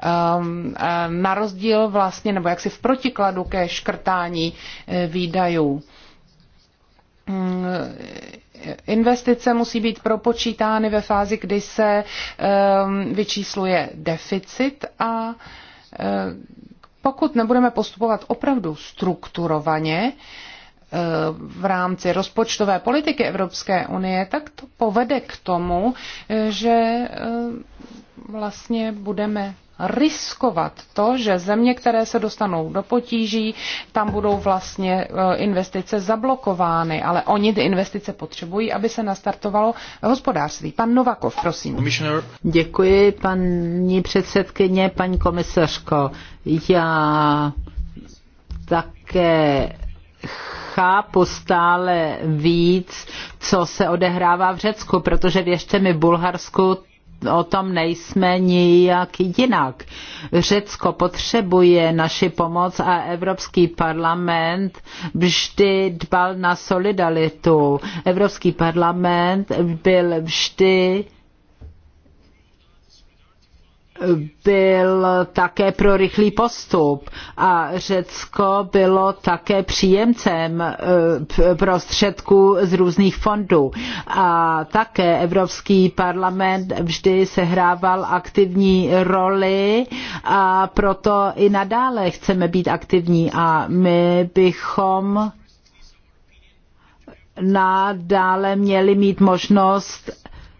ehm, e, na rozdíl vlastně, nebo jaksi v protikladu ke škrtání e, výdajů. Mm, investice musí být propočítány ve fázi, kdy se ehm, vyčísluje deficit a e, pokud nebudeme postupovat opravdu strukturovaně, v rámci rozpočtové politiky Evropské unie, tak to povede k tomu, že eh, vlastně budeme riskovat to, že země, které se dostanou do potíží, tam budou vlastně eh, investice zablokovány, ale oni ty investice potřebují, aby se nastartovalo hospodářství. Pan Novakov, prosím. Děkuji, paní předsedkyně, paní komisařko. Já také chápu stále víc, co se odehrává v Řecku, protože věřte mi, Bulharsku o tom nejsme nijak jinak. Řecko potřebuje naši pomoc a Evropský parlament vždy dbal na solidaritu. Evropský parlament byl vždy byl také pro rychlý postup a Řecko bylo také příjemcem eh, prostředků z různých fondů. A také Evropský parlament vždy sehrával aktivní roli a proto i nadále chceme být aktivní a my bychom nadále měli mít možnost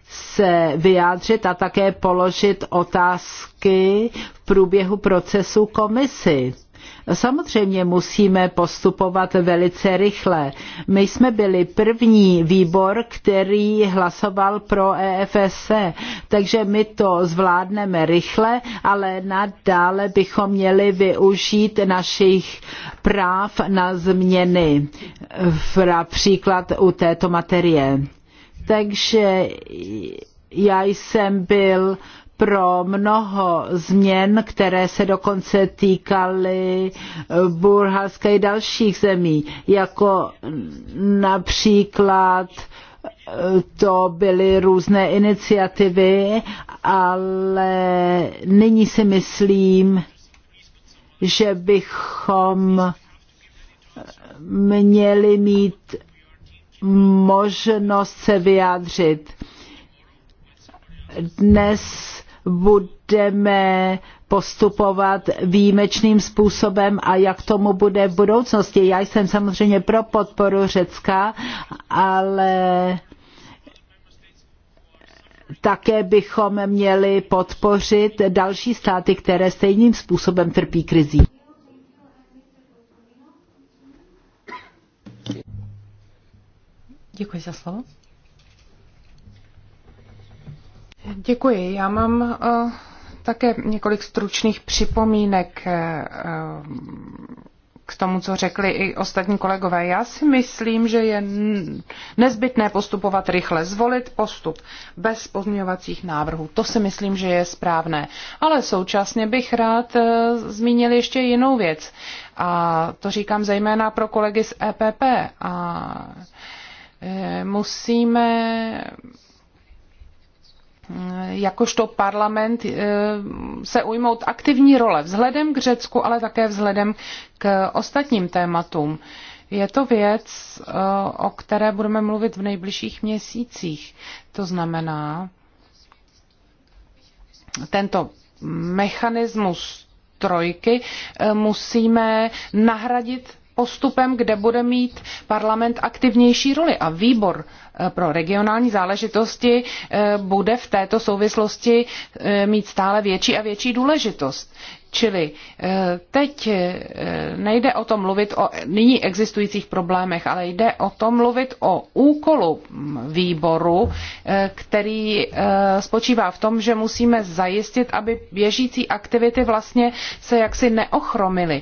se vyjádřit a také položit otázky v průběhu procesu komisi. Samozřejmě musíme postupovat velice rychle. My jsme byli první výbor, který hlasoval pro EFSE, e, takže my to zvládneme rychle, ale nadále bychom měli využít našich práv na změny, například u této materie. Takže já jsem byl pro mnoho změn, které se dokonce týkaly eh, Burhalské i dalších zemí, jako například eh, to byly různé iniciativy, ale nyní si myslím, že bychom měli mít možnost se vyjádřit. Dnes budeme postupovat výjimečným způsobem a jak tomu bude v budoucnosti. Já jsem samozřejmě pro podporu Řecka, ale také bychom měli podpořit další státy, které stejným způsobem trpí krizí. Děkuji za slovo. Děkuji. Já mám uh, také několik stručných připomínek uh, k tomu, co řekli i ostatní kolegové. Já si myslím, že je nezbytné postupovat rychle, zvolit postup bez pozměňovacích návrhů. To si myslím, že je správné. Ale současně bych rád zmínil ještě jinou věc. A to říkám zejména pro kolegy z EPP. A Eh, musíme eh, jakožto parlament eh, se ujmout aktivní role vzhledem k Řecku, ale také vzhledem k ostatním tématům. Je to věc, o které budeme mluvit v nejbližších měsících. To znamená, tento mechanismus trojky musíme nahradit postupem, kde bude mít parlament aktivnější roli a výbor eh, pro regionální záležitosti eh, bude v této souvislosti eh, mít stále větší a větší důležitost. Čili teď nejde o to mluvit o nyní existujících problémech, ale jde o to mluvit o úkolu mm, výboru, který spočívá v tom, že musíme zajistit, aby běžící aktivity vlastně se jaksi neochromily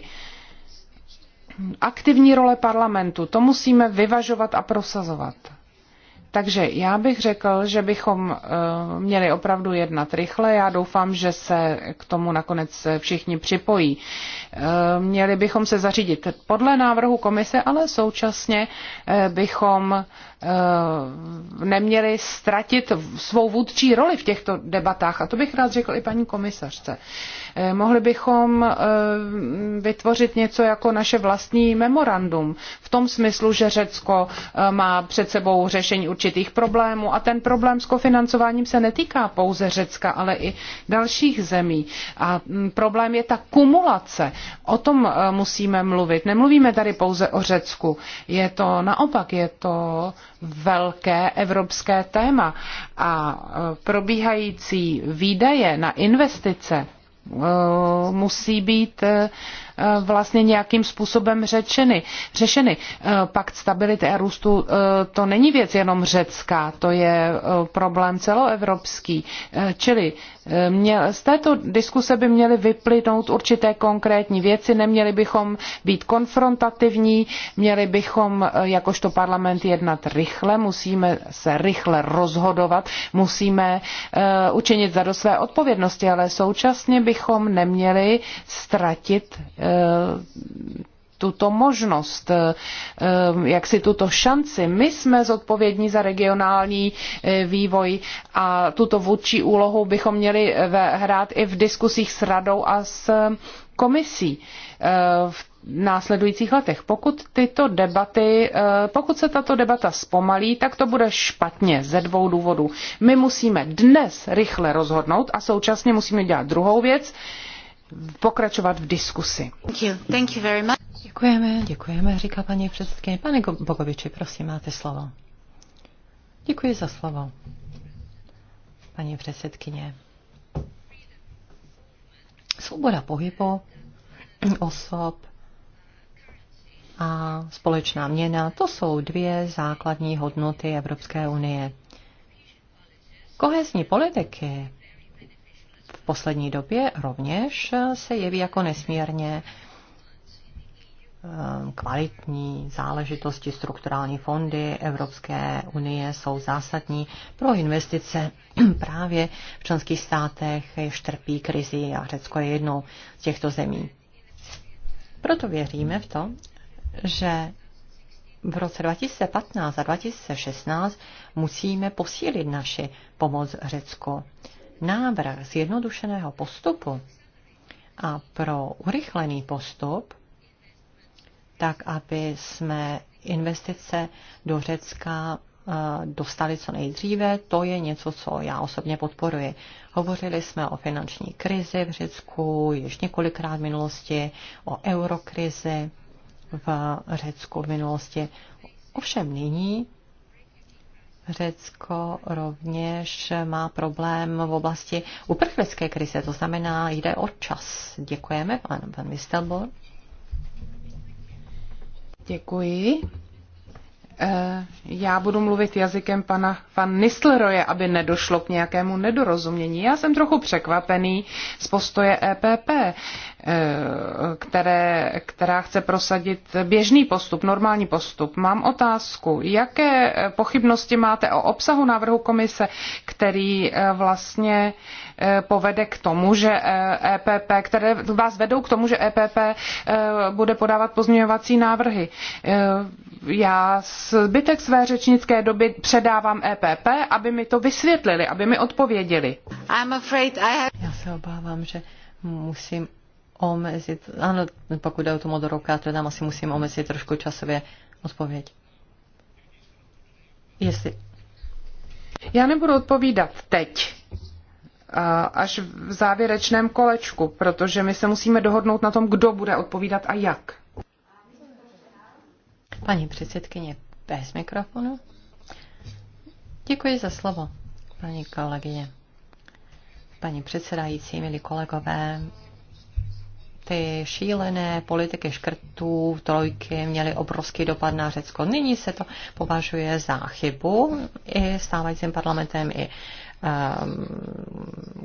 aktivní role parlamentu, to musíme vyvažovat a prosazovat. Takže já bych řekl, že bychom eh, měli opravdu jednat rychle. Já doufám, že se k tomu nakonec všichni připojí. Eh, měli bychom se zařídit podle návrhu komise, ale současně eh, bychom Eh, neměli ztratit svou vůdčí roli v těchto debatách. A to bych rád řekl i paní komisařce. Eh, mohli bychom eh, vytvořit něco jako naše vlastní memorandum v tom smyslu, že Řecko má před sebou řešení určitých problémů a ten problém s kofinancováním se netýká pouze Řecka, ale i dalších zemí. A mm, problém je ta kumulace. O tom musíme mluvit. Nemluvíme tady pouze o Řecku. Je to naopak, je to velké evropské téma a e, probíhající výdaje na investice e, musí být e, vlastně nějakým způsobem řečeny, řešeny. Pakt stability a růstu to není věc jenom řecká, to je problém celoevropský. Čili z této diskuse by měly vyplynout určité konkrétní věci, neměli bychom být konfrontativní, měli bychom eh, jakožto parlament jednat rychle, musíme se rychle rozhodovat, musíme eh, učinit za do své odpovědnosti, ale současně bychom neměli ztratit eh, tuto možnost, eh, eh, jak si tuto šanci. My jsme zodpovědní za regionální eh, vývoj a tuto vůdčí úlohu bychom měli hrát i v diskusích s radou a s komisí v následujících letech. Pokud tyto debaty, pokud se tato debata zpomalí, tak to bude špatně ze dvou důvodů. My musíme dnes rychle rozhodnout a současně musíme dělat druhou věc, pokračovat v diskusi. Thank you. Thank you very much. Děkujeme, děkujeme, říká paní předsedkyně. Pane Bogoviči, prosím, máte slovo. Děkuji za slovo, paní předsedkyně. Svoboda pohybu osob a společná měna, to jsou dvě základní hodnoty Evropské unie. Kohezní politiky poslední době rovněž se jeví jako nesmírně eh, kvalitní záležitosti, strukturální fondy Evropské unie jsou zásadní pro investice právě v členských státech, jež trpí krizi a Řecko je jednou z těchto zemí. Proto věříme v to, že v roce 2015 a 2016 musíme posílit naši pomoc Řecku návrh zjednodušeného postupu a pro urychlený postup, tak aby jsme investice do Řecka eh, dostali co nejdříve, to je něco, co já osobně podporuji. Hovořili jsme o finanční krizi v Řecku již několikrát v minulosti, o eurokrizi v Řecku v minulosti. Ovšem nyní Řecko rovněž má problém v oblasti uprchlické krize, to znamená, jde o čas. Děkujeme, pan, pan Vistelbor. Děkuji. Eh, já budu mluvit jazykem pana van Nistelroje, aby nedošlo k nějakému nedorozumění. Já jsem trochu překvapený z postoje EPP, eh, které, která chce prosadit běžný postup, normální postup. Mám otázku, jaké pochybnosti máte o obsahu návrhu komise, který eh, vlastně povede k tomu, že EPP, e které vás vedou k tomu, že EPP bude podávat pozměňovací návrhy. Já zbytek své řečnické doby předávám EPP, aby mi to vysvětlili, aby mi odpověděli. I'm afraid I have... Já se obávám, že musím omezit, ano, pokud jde o tu modrou kartu, tam asi musím omezit trošku časově odpověď. Jestli... Já nebudu odpovídat teď, až v závěrečném kolečku, protože my se musíme dohodnout na tom, kdo bude odpovídat a jak. Paní předsedkyně, bez mikrofonu. Děkuji za slovo, paní kolegyně. Paní předsedající, milí kolegové, ty šílené politiky škrtů, trojky měly obrovský dopad na Řecko. Nyní se to považuje za chybu i stávajícím parlamentem, i Ehm,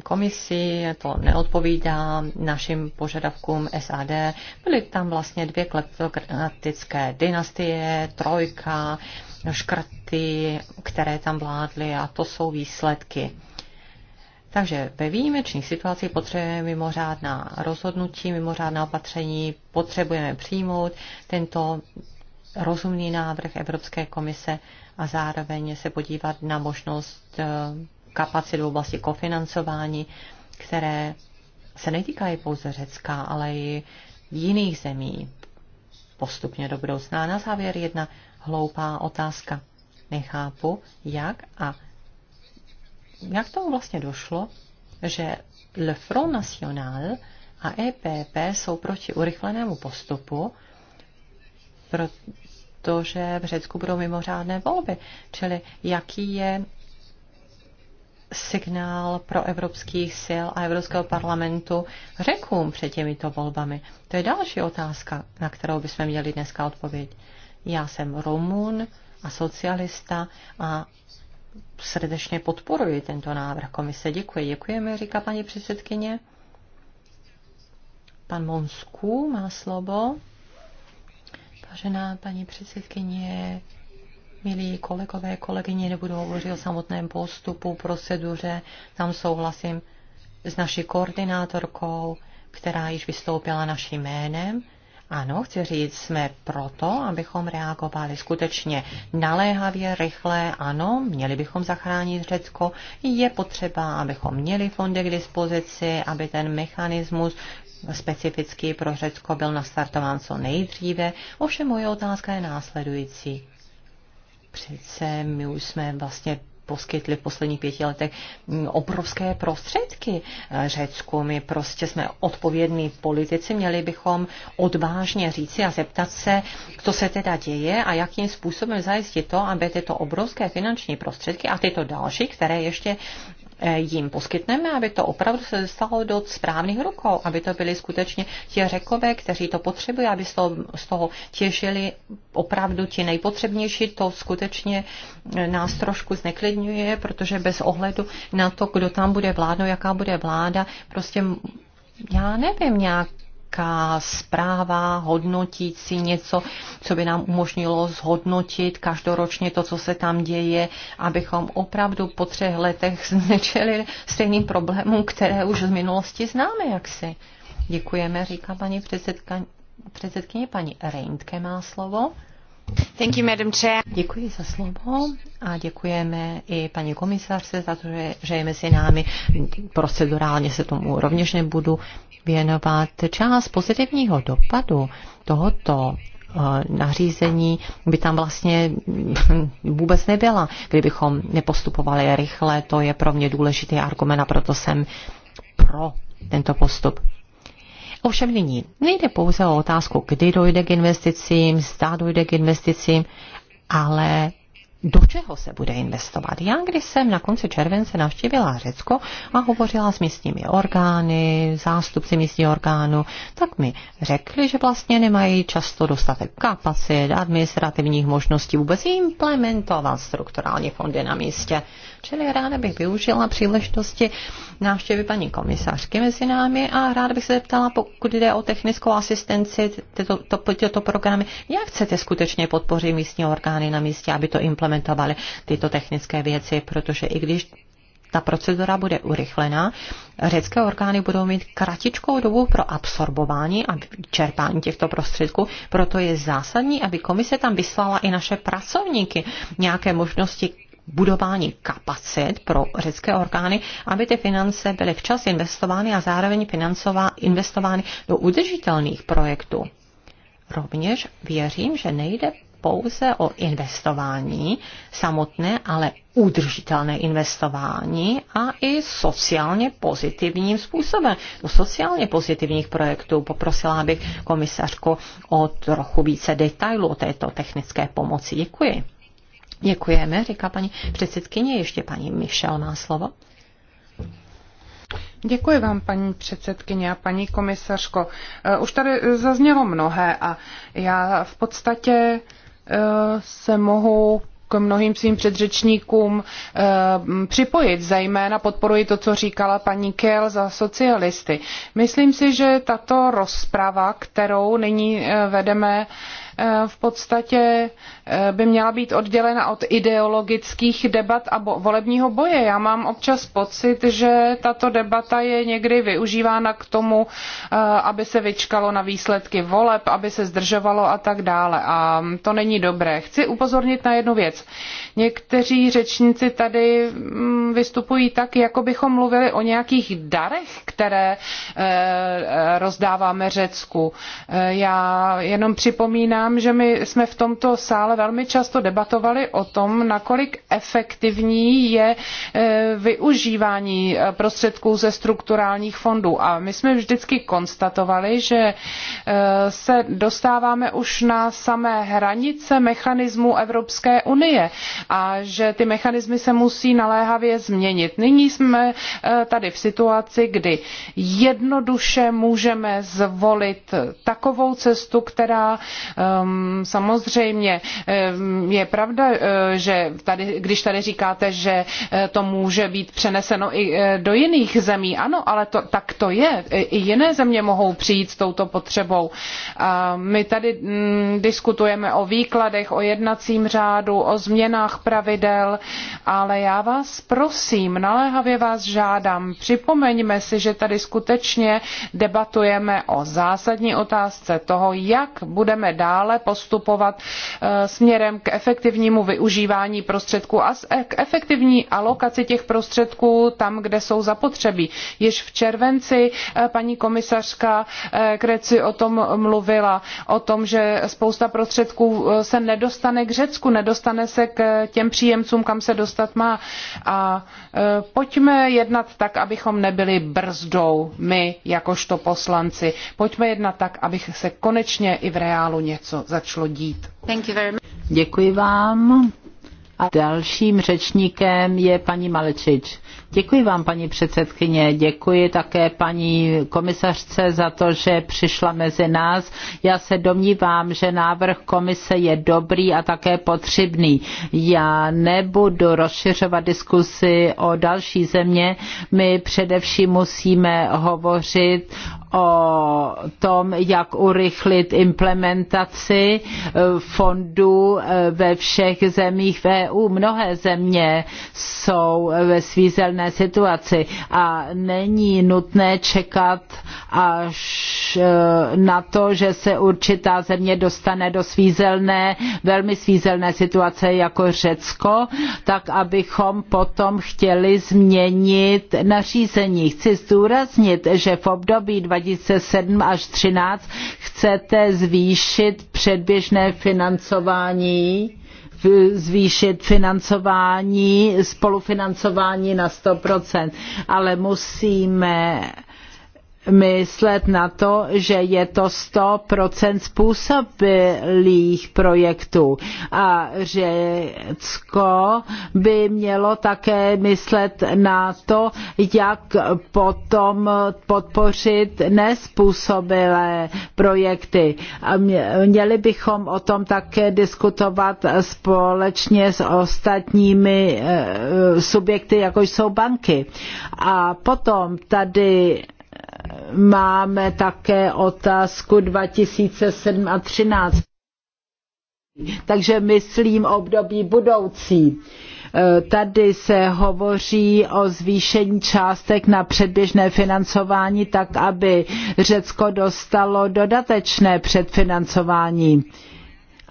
komisi, to neodpovídá našim požadavkům SAD. Byly tam vlastně dvě kleptokratické dynastie, trojka, škrty, které tam vládly a to jsou výsledky. Takže ve výjimečných situacích potřebujeme mimořádná rozhodnutí, mimořádná opatření, potřebujeme přijmout tento rozumný návrh Evropské komise a zároveň se podívat na možnost ehm, kapacit v oblasti kofinancování, které se netýkají pouze Řecka, ale i jiných zemí postupně do budoucna. A na závěr jedna hloupá otázka. Nechápu, jak a jak tomu vlastně došlo, že Le Front National a EPP jsou proti urychlenému postupu, protože v Řecku budou mimořádné volby. Čili jaký je signál pro evropských sil a Evropského parlamentu řekům před těmito volbami? To je další otázka, na kterou bychom měli dneska odpověď. Já jsem Rumun a socialista a srdečně podporuji tento návrh komise. Děkuji. Děkujeme, říká paní předsedkyně. Pan Monsku má slovo. Vážená paní předsedkyně, Milí kolegové, kolegyně, nebudu hovořit o samotném postupu, proceduře, tam souhlasím s naší koordinátorkou, která již vystoupila naším jménem. Ano, chci říct, jsme proto, abychom reagovali skutečně naléhavě, rychle. Ano, měli bychom zachránit Řecko. Je potřeba, abychom měli fondy k dispozici, aby ten mechanismus specifický pro Řecko byl nastartován co nejdříve. Ovšem moje otázka je následující. Přece my už jsme vlastně poskytli v posledních pěti letech mm, obrovské prostředky eh, Řecku. My prostě jsme odpovědní politici, měli bychom odvážně říci a zeptat se, co se teda děje a jakým způsobem zajistit to, aby tyto obrovské finanční prostředky a tyto další, které ještě jim poskytneme, aby to opravdu se dostalo do správných rukou, aby to byli skutečně ti řekové, kteří to potřebují, aby z toho, z toho těžili opravdu ti nejpotřebnější. To skutečně eh, nás trošku zneklidňuje, protože bez ohledu na to, kdo tam bude vládnout, jaká bude vláda, prostě já nevím, nějak nějaká zpráva hodnotící něco, co by nám umožnilo zhodnotit každoročně to, co se tam děje, abychom opravdu po třech letech nečeli stejným problémům, které už z minulosti známe jak si. Děkujeme, říká paní předsedkyně. Předsedkyně paní Reintke má slovo. Děkuji za slovo a děkujeme i paní komisařce za to, že, že je mezi námi. Procedurálně se tomu rovněž nebudu věnovat. Část pozitivního dopadu tohoto eh, nařízení by tam vlastně vůbec nebyla, kdybychom nepostupovali rychle. To je pro mě důležitý argument a proto jsem pro tento postup. Ovšem nyní nejde pouze o otázku, kdy dojde k investicím, zda dojde k investicím, ale do čeho se bude investovat. Já, když jsem na konci července navštívila Řecko a hovořila s místními orgány, zástupci místního orgánu, tak mi řekli, že vlastně nemají často dostatek kapacit, administrativních možností vůbec implementovat strukturální fondy na místě. Čili ráda bych využila příležitosti návštěvy paní komisařky mezi námi a ráda bych se zeptala, pokud jde o technickou asistenci tyto, to, tyto programy, jak chcete skutečně podpořit místní orgány na místě, aby to implementovali implementovali tyto technické věci, protože i když ta procedura bude urychlená. Řecké orgány budou mít kratičkou dobu pro absorbování a čerpání těchto prostředků, proto je zásadní, aby komise tam vyslala i naše pracovníky nějaké možnosti budování kapacit pro řecké orgány, aby ty finance byly včas investovány a zároveň financová, investovány do udržitelných projektů. Rovněž věřím, že nejde pouze o investování samotné, ale udržitelné investování a i sociálně pozitivním způsobem. U sociálně pozitivních projektů poprosila bych komisařku o trochu více detailů o této technické pomoci. Děkuji. Děkujeme, říká paní předsedkyně. Ještě paní Michel má slovo. Děkuji vám, paní předsedkyně a paní komisařko. Eh, už tady zaznělo mnohé a já v podstatě se mohu k mnohým svým předřečníkům eh, připojit. Zejména podporuji to, co říkala paní Kiel za socialisty. Myslím si, že tato rozprava, kterou nyní eh, vedeme, Eh, v podstatě eh, by měla být oddělena od ideologických debat a volebního boje. Já mám občas pocit, že tato debata je někdy využívána k tomu, eh, aby se vyčkalo na výsledky voleb, aby se zdržovalo a tak dále. A to není dobré. Chci upozornit na jednu věc. Někteří řečníci tady mm, vystupují tak, jako bychom mluvili o nějakých darech, které rozdáváme Řecku. Já jenom připomínám, přiznám, že my jsme v tomto sále velmi často debatovali o tom, nakolik efektivní je e, využívání e, prostředků ze strukturálních fondů. A my jsme vždycky konstatovali, že e, se dostáváme už na samé hranice mechanismů Evropské unie a že ty mechanismy se musí naléhavě změnit. Nyní jsme tady v situaci, kdy jednoduše můžeme zvolit takovou cestu, která Ehm, samozřejmě ehm, je pravda, eh, že tady, když tady říkáte, že eh, to může být přeneseno i eh, do jiných zemí, ano, ale to, tak to je. I jiné země mohou přijít s touto potřebou. My tady mm, diskutujeme o výkladech, o jednacím řádu, o změnách pravidel, ale já vás prosím, naléhavě vás žádám, připomeňme si, že tady skutečně debatujeme o zásadní otázce toho, jak budeme dál dále postupovat eh, směrem k efektivnímu využívání prostředků a eh, k efektivní alokaci těch prostředků tam, kde jsou zapotřebí. Již v červenci eh, paní komisařka Kreci o tom mluvila, o tom, že spousta prostředků se nedostane k Řecku, nedostane se k těm příjemcům, kam se dostat má. A pojďme jednat tak, abychom nebyli brzdou my jakožto poslanci. Pojďme jednat tak, abych se konečně i v reálu něco co začalo dít. Thank you very much. Děkuji vám. A dalším řečníkem je paní Malečič. Děkuji vám, paní předsedkyně, děkuji také paní komisařce za to, že přišla mezi nás. Já se domnívám, že návrh komise je dobrý a také potřebný. Já nebudu rozšiřovat diskusi o další země. My především musíme hovořit o tom, jak urychlit implementaci eh, fondů eh, ve všech zemích v EU. Mnohé země jsou ve svízelné situaci a není nutné čekat až eh, na to, že se určitá země dostane do svízelné, velmi svízelné situace jako Řecko, tak abychom potom chtěli změnit nařízení. Chci zdůraznit, že v období 20 2007 až 2013 chcete zvýšit předběžné financování zvýšit financování, spolufinancování na 100%, ale musíme myslet na to, že je to 100% způsobilých projektů. A Řecko by mělo také myslet na to, jak potom podpořit nespůsobilé projekty. A měli bychom o tom také diskutovat společně s ostatními eh, subjekty, jako jsou banky. A potom tady máme také otázku 2007 a 13. Takže myslím období budoucí. E, tady se hovoří o zvýšení částek na předběžné financování tak, aby Řecko dostalo dodatečné předfinancování.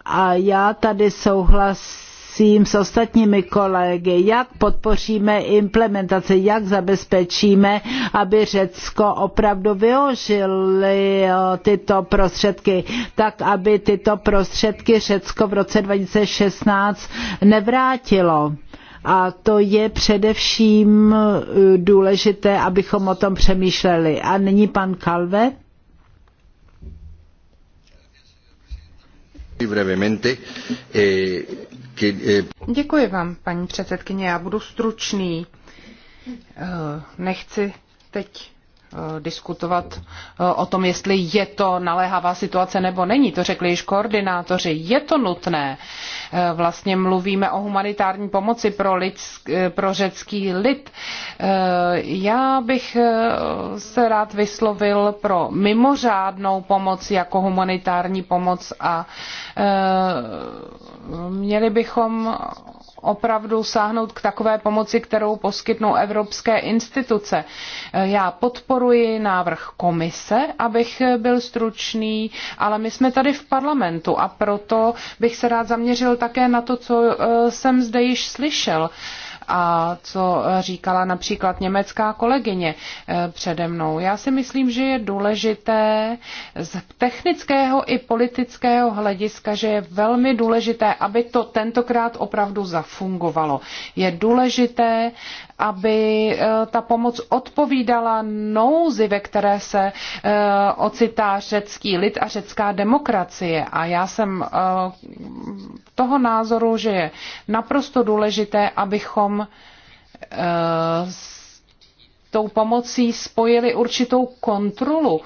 A já tady souhlasím souhlasím s ostatními kolegy, jak podpoříme implementaci, jak zabezpečíme, aby Řecko opravdu využili eh, tyto prostředky, tak aby tyto prostředky Řecko v roce 2016 nevrátilo. A to je především eh, důležité, abychom o tom přemýšleli. A nyní pan Kalve. brevemente. Eh, E, Děkuji vám, paní předsedkyně. Já budu stručný. E, nechci teď e, diskutovat o tom, jestli je to naléhavá situace nebo není. To řekli již koordinátoři. Je to nutné. Eh, vlastně mluvíme o humanitární pomoci pro, lidsk, eh, pro řecký lid. Eh, já bych se rád vyslovil pro mimořádnou pomoc jako humanitární pomoc a měli bychom opravdu sáhnout k takové pomoci, kterou poskytnou evropské instituce. Já podporuji návrh komise, abych byl stručný, ale my jsme tady v parlamentu a proto bych se rád zaměřil také na to, co eh, jsem zde již slyšel a co e, říkala například německá kolegyně e, přede mnou. Já si myslím, že je důležité z technického i politického hlediska, že je velmi důležité, aby to tentokrát opravdu zafungovalo. Je důležité, aby e, ta pomoc odpovídala nouzi, ve které se ocitá řecký lid a řecká demokracie. A já jsem toho názoru, že je naprosto důležité, abychom Eh, s tou pomocí spojili určitou kontrolu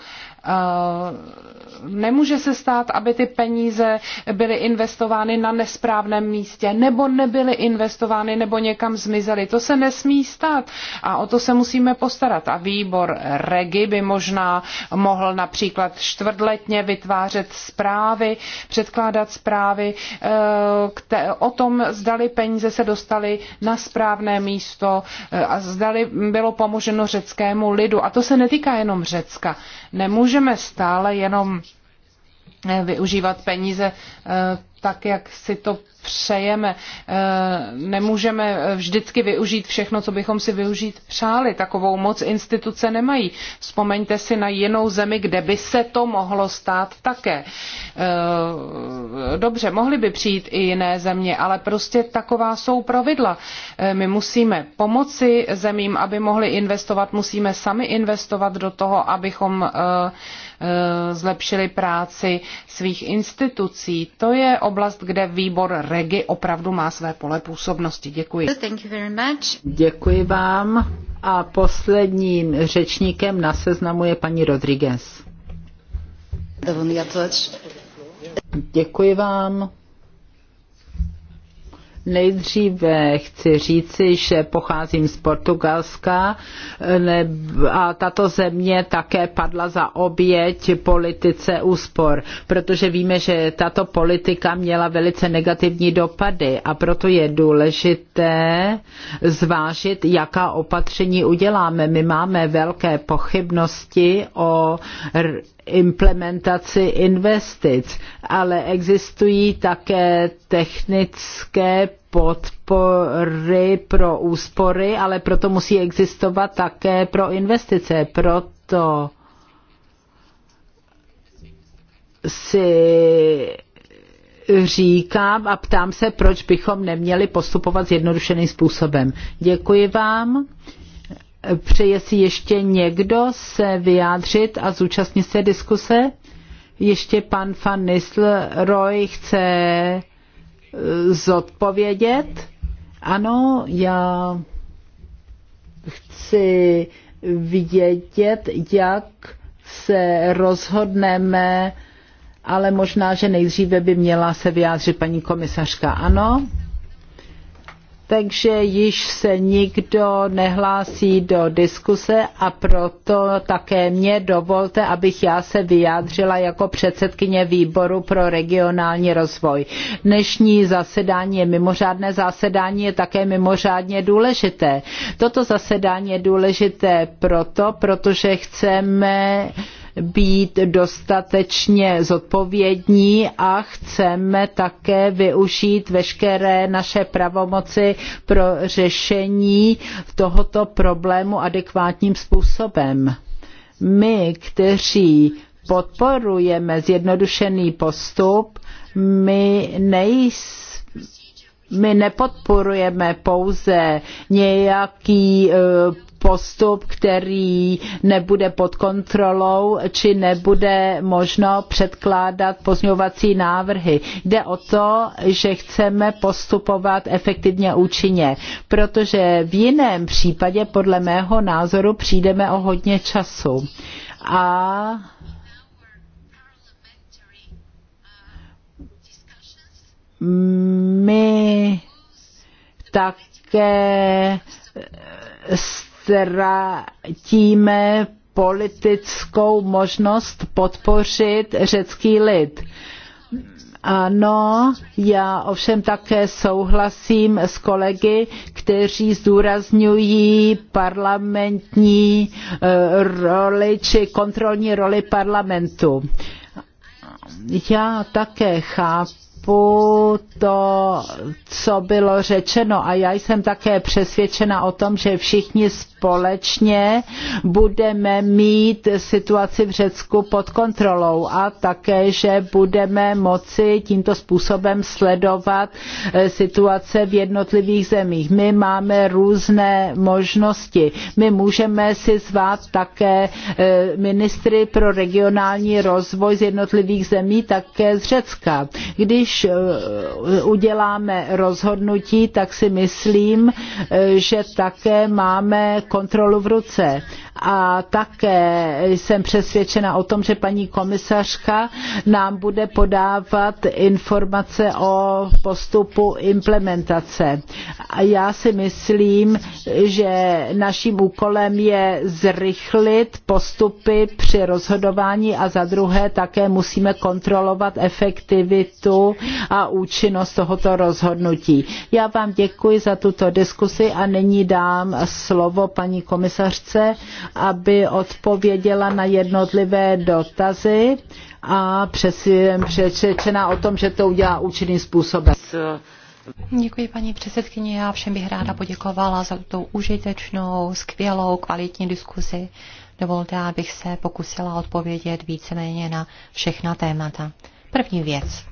Eh, nemůže se stát, aby ty peníze byly investovány na nesprávném místě, nebo nebyly investovány, nebo někam zmizely. To se nesmí stát a o to se musíme postarat. A výbor REGI by možná mohl například čtvrtletně vytvářet zprávy, předkládat zprávy eh, o tom, zdali peníze se dostaly na správné místo eh, a zdali bylo pomoženo řeckému lidu. A to se netýká jenom Řecka. Nemůže Nemůžeme stále jenom eh, využívat peníze eh, tak, jak si to přejeme. Eh, nemůžeme vždycky využít všechno, co bychom si využít přáli. Takovou moc instituce nemají. Vzpomeňte si na jinou zemi, kde by se to mohlo stát také. Eh, dobře, mohly by přijít i jiné země, ale prostě taková jsou pravidla. Eh, my musíme pomoci zemím, aby mohli investovat, musíme sami investovat do toho, abychom zlepšili práci svých institucí. To je oblast, kde výbor Regi opravdu má své pole působnosti. Děkuji. Děkuji vám. A posledním řečníkem na seznamu je paní Rodriguez. Děkuji vám. Nejdříve chci říci, že pocházím z Portugalska a tato země také padla za oběť politice úspor, protože víme, že tato politika měla velice negativní dopady a proto je důležité zvážit, jaká opatření uděláme. My máme velké pochybnosti o implementaci investic, ale existují také technické podpory pro úspory, ale proto musí existovat také pro investice. Proto si říkám a ptám se, proč bychom neměli postupovat zjednodušeným způsobem. Děkuji vám. Přeje si ještě někdo se vyjádřit a zúčastnit se diskuse? Ještě pan Van Nistelrooy chce eh, zodpovědět? Ano, já chci vědět, jak se rozhodneme, ale možná, že nejdříve by měla se vyjádřit paní komisařka. Ano? takže již se nikdo nehlásí do diskuse a proto také mě dovolte, abych já se vyjádřila jako předsedkyně výboru pro regionální rozvoj. Dnešní zasedání je mimořádné zasedání, je také mimořádně důležité. Toto zasedání je důležité proto, protože chceme být dostatečně zodpovědní a chceme také využít veškeré naše pravomoci pro řešení tohoto problému adekvátním způsobem. My, kteří podporujeme zjednodušený postup, my nejsme my nepodporujeme pouze nějaký eh, postup, který nebude pod kontrolou, či nebude možno předkládat pozměňovací návrhy. Jde o to, že chceme postupovat efektivně a účinně, protože v jiném případě, podle mého názoru, přijdeme o hodně času. A my také ztratíme politickou možnost podpořit řecký lid. Ano, já ovšem také souhlasím s kolegy, kteří zdůrazňují parlamentní eh, roli či kontrolní roli parlamentu. Já také chápu, chápu to, co bylo řečeno a já jsem také přesvědčena o tom, že všichni společně budeme mít situaci v Řecku pod kontrolou a také, že budeme moci tímto způsobem sledovat eh, situace v jednotlivých zemích. My máme různé možnosti. My můžeme si zvát také eh, ministry pro regionální rozvoj z jednotlivých zemí, také z Řecka. Když když eh, uděláme rozhodnutí, tak si myslím, eh, že také máme kontrolu v ruce a také jsem přesvědčena o tom, že paní komisařka nám bude podávat informace o postupu implementace. A já si myslím, že naším úkolem je zrychlit postupy při rozhodování a za druhé také musíme kontrolovat efektivitu a účinnost tohoto rozhodnutí. Já vám děkuji za tuto diskusi a nyní dám slovo paní komisařce aby odpověděla na jednotlivé dotazy a přesvědčena o tom, že to udělá účinným způsobem. Děkuji paní předsedkyně, já všem bych ráda poděkovala za tu užitečnou, skvělou, kvalitní diskuzi. Dovolte, abych se pokusila odpovědět víceméně na všechna témata. První věc.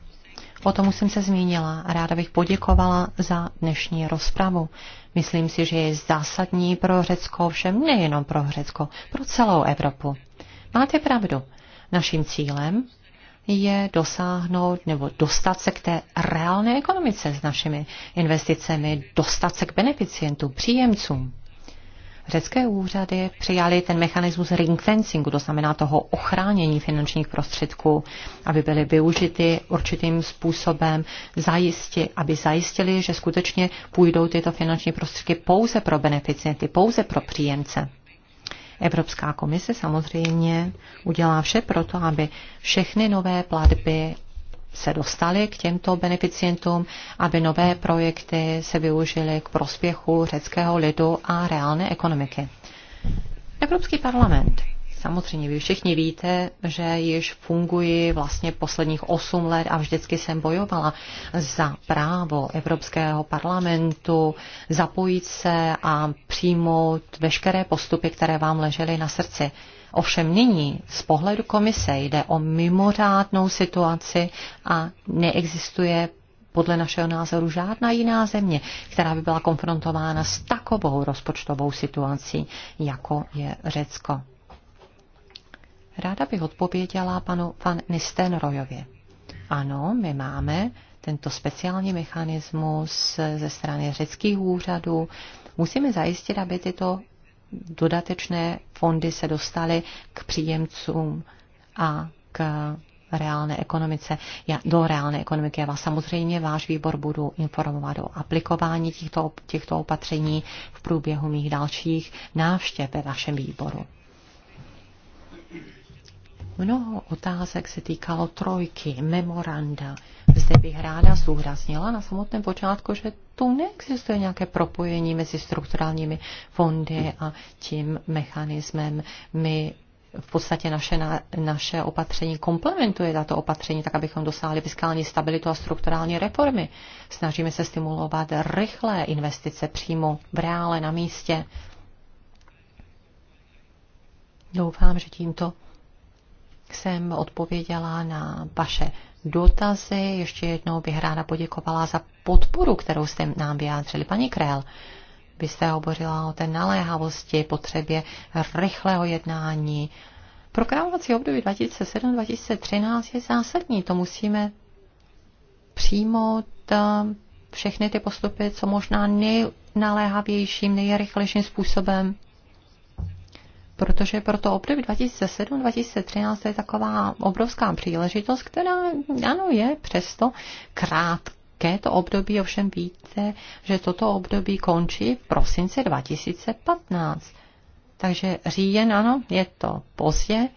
O tom už jsem se zmínila a ráda bych poděkovala za dnešní rozpravu. Myslím si, že je zásadní pro Řecko, všem nejenom pro Řecko, pro celou Evropu. Máte pravdu. Naším cílem je dosáhnout nebo dostat se k té reálné ekonomice s našimi investicemi, dostat se k beneficientům, příjemcům řecké úřady přijali ten mechanismus ring fencingu, to znamená toho ochránění finančních prostředků, aby byly využity určitým způsobem, zajistit, aby zajistili, že skutečně půjdou tyto finanční prostředky pouze pro beneficienty, pouze pro příjemce. Evropská komise samozřejmě udělá vše proto, aby všechny nové platby se dostali k těmto beneficientům, aby nové projekty se využily k prospěchu řeckého lidu a reálné ekonomiky. Evropský parlament. Samozřejmě, vy všichni víte, že již funguji vlastně posledních 8 let a vždycky jsem bojovala za právo Evropského parlamentu zapojit se a přijmout veškeré postupy, které vám ležely na srdci. Ovšem nyní z pohledu komise jde o mimořádnou situaci a neexistuje podle našeho názoru žádná jiná země, která by byla konfrontována s takovou rozpočtovou situací, jako je Řecko. Ráda bych odpověděla panu Van Nistenrojovi. Ano, my máme tento speciální mechanismus ze strany řeckých úřadů. Musíme zajistit, aby tyto dodatečné fondy se dostaly k příjemcům a k reálné ekonomice, já, do reálné ekonomiky. Já vás samozřejmě, váš výbor budu informovat o aplikování těchto, těchto opatření v průběhu mých dalších návštěv ve vašem výboru. Mnoho otázek se týkalo trojky, memoranda. Zde bych ráda zúraznila na samotném počátku, že tu neexistuje nějaké propojení mezi strukturálními fondy a tím mechanismem. My v podstatě naše, na, naše opatření komplementuje tato opatření, tak abychom dosáhli fiskální stabilitu a strukturální reformy. Snažíme se stimulovat rychlé investice přímo v reále na místě. Doufám, že tímto jsem odpověděla na vaše dotazy. Ještě jednou bych ráda poděkovala za podporu, kterou jste nám vyjádřili. Paní Krell, vy jste hovořila o té naléhavosti, potřebě rychlého jednání. Programovací období 2007-2013 je zásadní. To musíme přijmout eh, všechny ty postupy, co možná nejnaléhavějším, nejrychlejším způsobem protože pro to období 2007-2013 je taková obrovská příležitost, která, ano, je přesto krátké to období, ovšem víte, že toto období končí v prosince 2015. Takže říjen, ano, je to pozdě,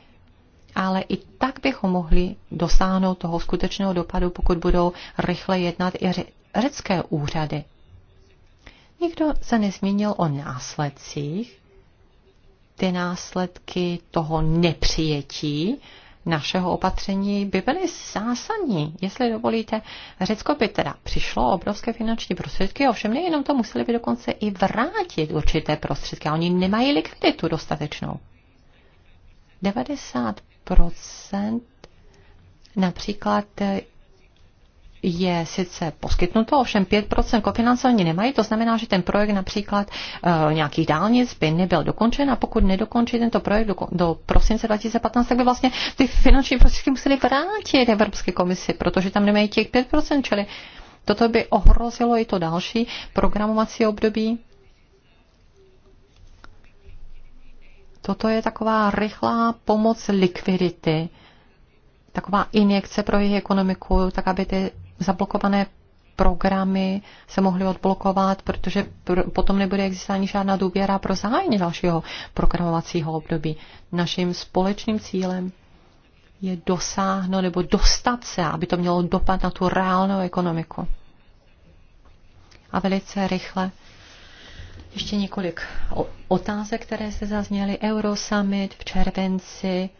ale i tak bychom mohli dosáhnout toho skutečného dopadu, pokud budou rychle jednat i řecké úřady. Nikdo se nezmínil o následcích ty následky toho nepřijetí našeho opatření by byly zásadní. Jestli dovolíte, Řecko by teda přišlo obrovské finanční prostředky, ovšem nejenom to, museli by dokonce i vrátit určité prostředky. A oni nemají likviditu dostatečnou. 90% například je sice poskytnuto, ovšem 5% kofinancování nemají, to znamená, že ten projekt například e, nějakých dálnic by nebyl dokončen a pokud nedokončí tento projekt do, do prosince 2015, tak by vlastně ty finanční prostředky museli vrátit Evropské komisi, protože tam nemají těch 5%, čili toto by ohrozilo i to další programovací období. Toto je taková rychlá pomoc likvidity, taková injekce pro jejich ekonomiku, tak aby ty zablokované programy se mohly odblokovat, protože pr- potom nebude existovat ani žádná důvěra pro zahájení dalšího programovacího období. Naším společným cílem je dosáhnout nebo dostat se, aby to mělo dopad na tu reálnou ekonomiku. A velice rychle ještě několik otázek, které se zazněly. Eurosummit v červenci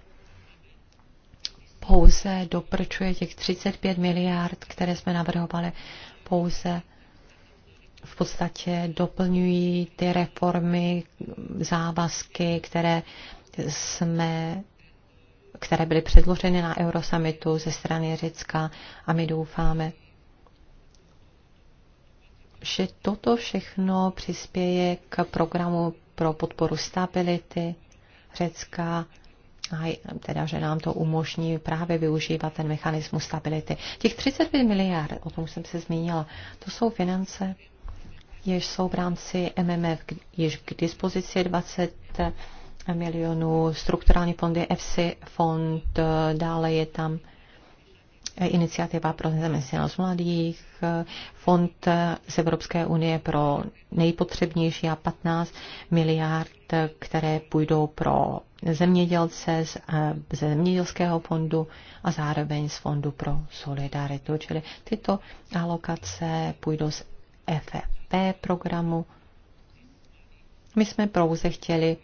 pouze doprčuje těch 35 miliard, které jsme navrhovali, pouze v podstatě doplňují ty reformy, závazky, které jsme které byly předloženy na Eurosamitu ze strany Řecka a my doufáme, že toto všechno přispěje k programu pro podporu stability Řecka snahy, teda, že nám to umožní právě využívat ten mechanismus stability. Těch 35 miliard, o tom jsem se zmínila, to jsou finance, jež jsou v rámci MMF, jež k dispozici 20 milionů, strukturální fondy, EFSI fond, dále je tam Eh, iniciativa pro nezaměstnanost mladých, eh, fond eh, z Evropské unie pro nejpotřebnější a 15 miliard, které půjdou pro zemědělce z, ze zemědělského fondu a zároveň z fondu pro solidaritu. Čili tyto alokace půjdou z FFP programu. My jsme pouze chtěli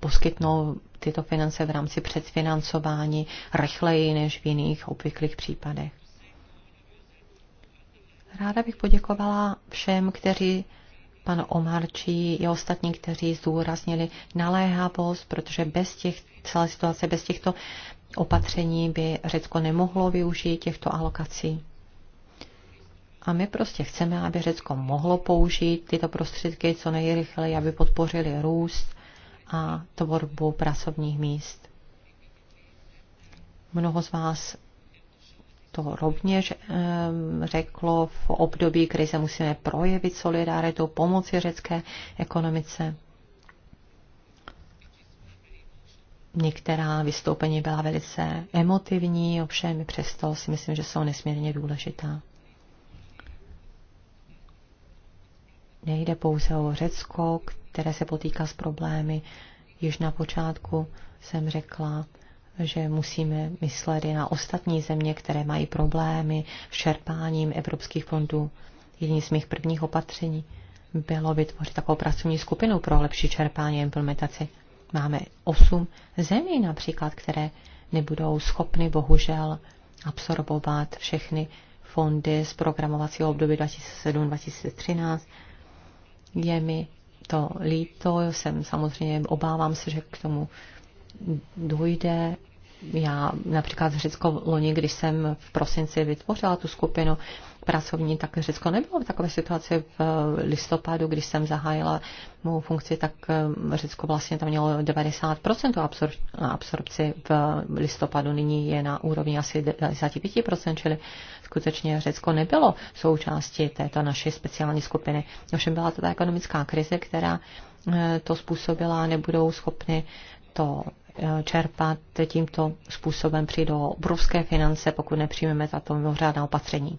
poskytnout tyto finance v rámci předfinancování rychleji než v jiných obvyklých případech. Ráda bych poděkovala všem, kteří pan Omarčí i ostatní, kteří zdůraznili naléhavost, protože bez těch, celé situace, bez těchto opatření by Řecko nemohlo využít těchto alokací. A my prostě chceme, aby Řecko mohlo použít tyto prostředky co nejrychleji, aby podpořili růst a tvorbu pracovních míst. Mnoho z vás to rovněž ehm, řeklo, v období krize musíme projevit solidaritu, pomoci řecké ekonomice. Některá vystoupení byla velice emotivní, ovšem přesto si myslím, že jsou nesmírně důležitá. Nejde pouze o Řecko, které se potýká s problémy. Již na počátku jsem řekla, že musíme myslet i na ostatní země, které mají problémy s čerpáním evropských fondů. Jedním z mých prvních opatření bylo vytvořit takovou pracovní skupinu pro lepší čerpání a implementaci. Máme osm zemí například, které nebudou schopny bohužel absorbovat všechny fondy z programovacího období 2007-2013 je mi to líto, jsem samozřejmě, obávám se, že k tomu dojde. Já například v Řecko loni, když jsem v prosinci vytvořila tu skupinu pracovní, tak Řecko nebylo v takové situaci v eh, listopadu, když jsem zahájila mou funkci, tak eh, Řecko vlastně tam mělo 90% absor- absorpci v eh, listopadu, nyní je na úrovni asi 95%, čili skutečně Řecko nebylo součástí této naší speciální skupiny. Ovšem byla to ta ekonomická krize, která to způsobila, a nebudou schopny to čerpat tímto způsobem přijdou obrovské finance, pokud nepřijmeme tato mimořádná opatření.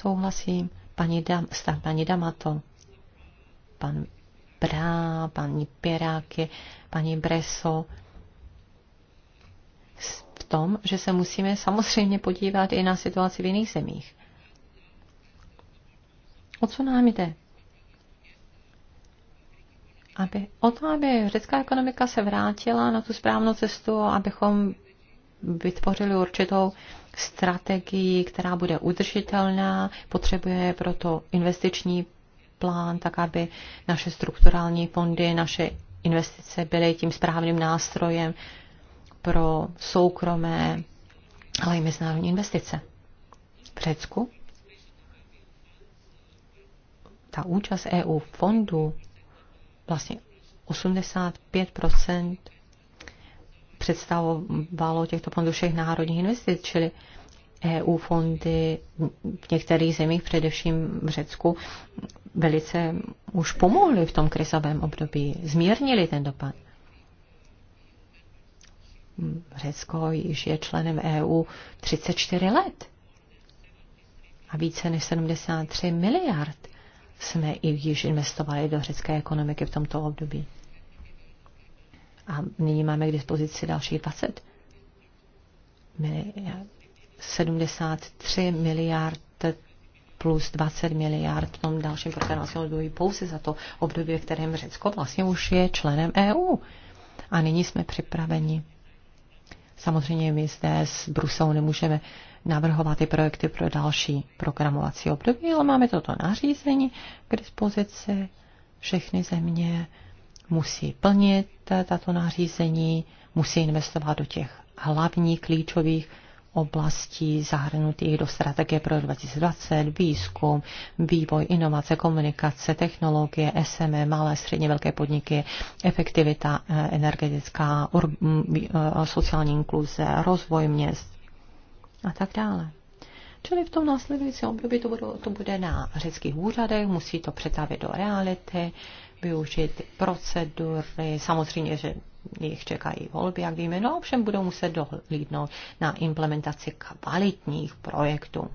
Souhlasím. Paní, Dam, stav, paní Damato, pan Brá, paní Piráky, paní Breso, v tom, že se musíme samozřejmě podívat i na situaci v jiných zemích. O co nám jde? Aby, o to, aby řecká ekonomika se vrátila na tu správnou cestu, abychom vytvořili určitou strategii, která bude udržitelná, potřebuje proto investiční plán, tak aby naše strukturální fondy, naše investice byly tím správným nástrojem pro soukromé, ale i mezinárodní investice. V Řecku ta účast EU fondů vlastně 85 představovalo těchto fondů všech národních investic, čili EU fondy v některých zemích, především v Řecku, velice už pomohly v tom krizovém období, zmírnili ten dopad. Řecko již je členem EU 34 let a více než 73 miliard jsme i již investovali do řecké ekonomiky v tomto období a nyní máme k dispozici další 20 73 miliard plus 20 miliard v tom dalším programovacím období pouze za to období, v kterém Řecko vlastně už je členem EU. A nyní jsme připraveni. Samozřejmě my zde s Bruselou nemůžeme navrhovat ty projekty pro další programovací období, ale máme toto nařízení k dispozici. Všechny země musí plnit tato nařízení, musí investovat do těch hlavních klíčových oblastí zahrnutých do strategie pro 2020, výzkum, vývoj, inovace, komunikace, technologie, SME, malé, středně velké podniky, efektivita eh, energetická, mm, eh, sociální inkluze, rozvoj měst a tak dále. Čili v tom následujícím období to, budou, to bude na řeckých úřadech, musí to přetavit do reality, využít procedury, samozřejmě, že jich čekají volby, jak víme, no ovšem budou muset dohlídnout na implementaci kvalitních projektů.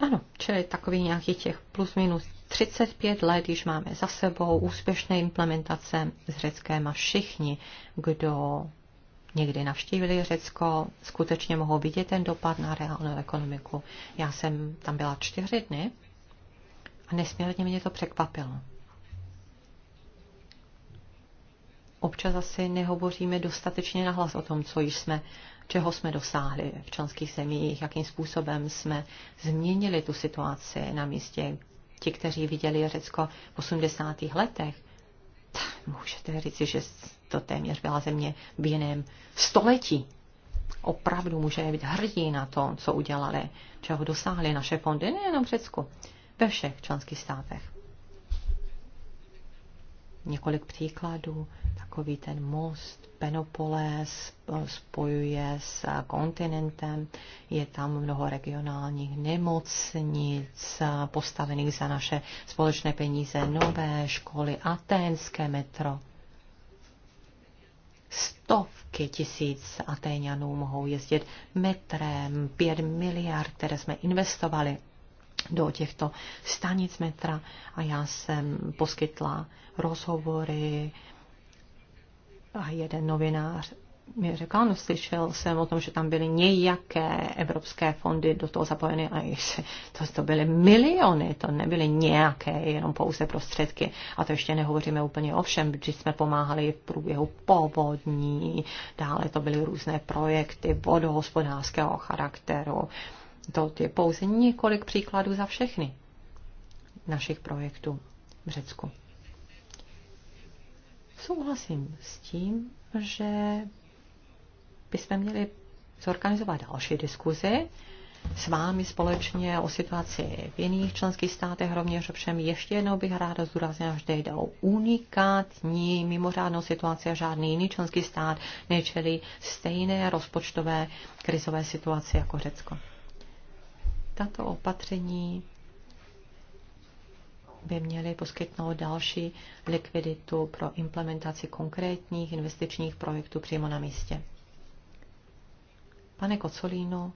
Ano, čili takový nějaký těch plus minus 35 let již máme za sebou úspěšné implementace s Řeckem a všichni, kdo někdy navštívili Řecko, skutečně mohou vidět ten dopad na reálnou ekonomiku. Já jsem tam byla čtyři dny a nesmírně mě to překvapilo. Občas asi nehovoříme dostatečně nahlas o tom, co již jsme, čeho jsme dosáhli v členských zemích, jakým způsobem jsme změnili tu situaci na místě. Ti, kteří viděli Řecko v 80. letech, Můžete říct, že to téměř byla země v jiném století. Opravdu můžeme být hrdí na to, co udělali, čeho dosáhly naše fondy, nejenom v Řecku, ve všech členských státech několik příkladů. Takový ten most Penopoles eh, spojuje s kontinentem, je tam mnoho regionálních nemocnic eh, postavených za naše společné peníze, nové školy, aténské metro. Stovky tisíc Atéňanů mohou jezdit metrem, pět miliard, které jsme investovali do těchto stanic metra a já jsem poskytla rozhovory a jeden novinář mi řekl, ano, slyšel jsem o tom, že tam byly nějaké evropské fondy do toho zapojeny a ještě, to, to byly miliony, to nebyly nějaké, jenom pouze prostředky. A to ještě nehovoříme úplně o všem, když jsme pomáhali v průběhu povodní, dále to byly různé projekty vodohospodářského charakteru, to je pouze několik příkladů za všechny našich projektů v Řecku. Souhlasím s tím, že bychom měli zorganizovat další diskuzi s vámi společně o situaci v jiných členských státech, rovněž ovšem ještě jednou bych ráda zdůraznila, že jde o unikátní mimořádnou situaci a žádný jiný členský stát nečelí stejné rozpočtové krizové situaci jako Řecko. Tato opatření by měly poskytnout další likviditu pro implementaci konkrétních investičních projektů přímo na místě. Pane Kocolínu,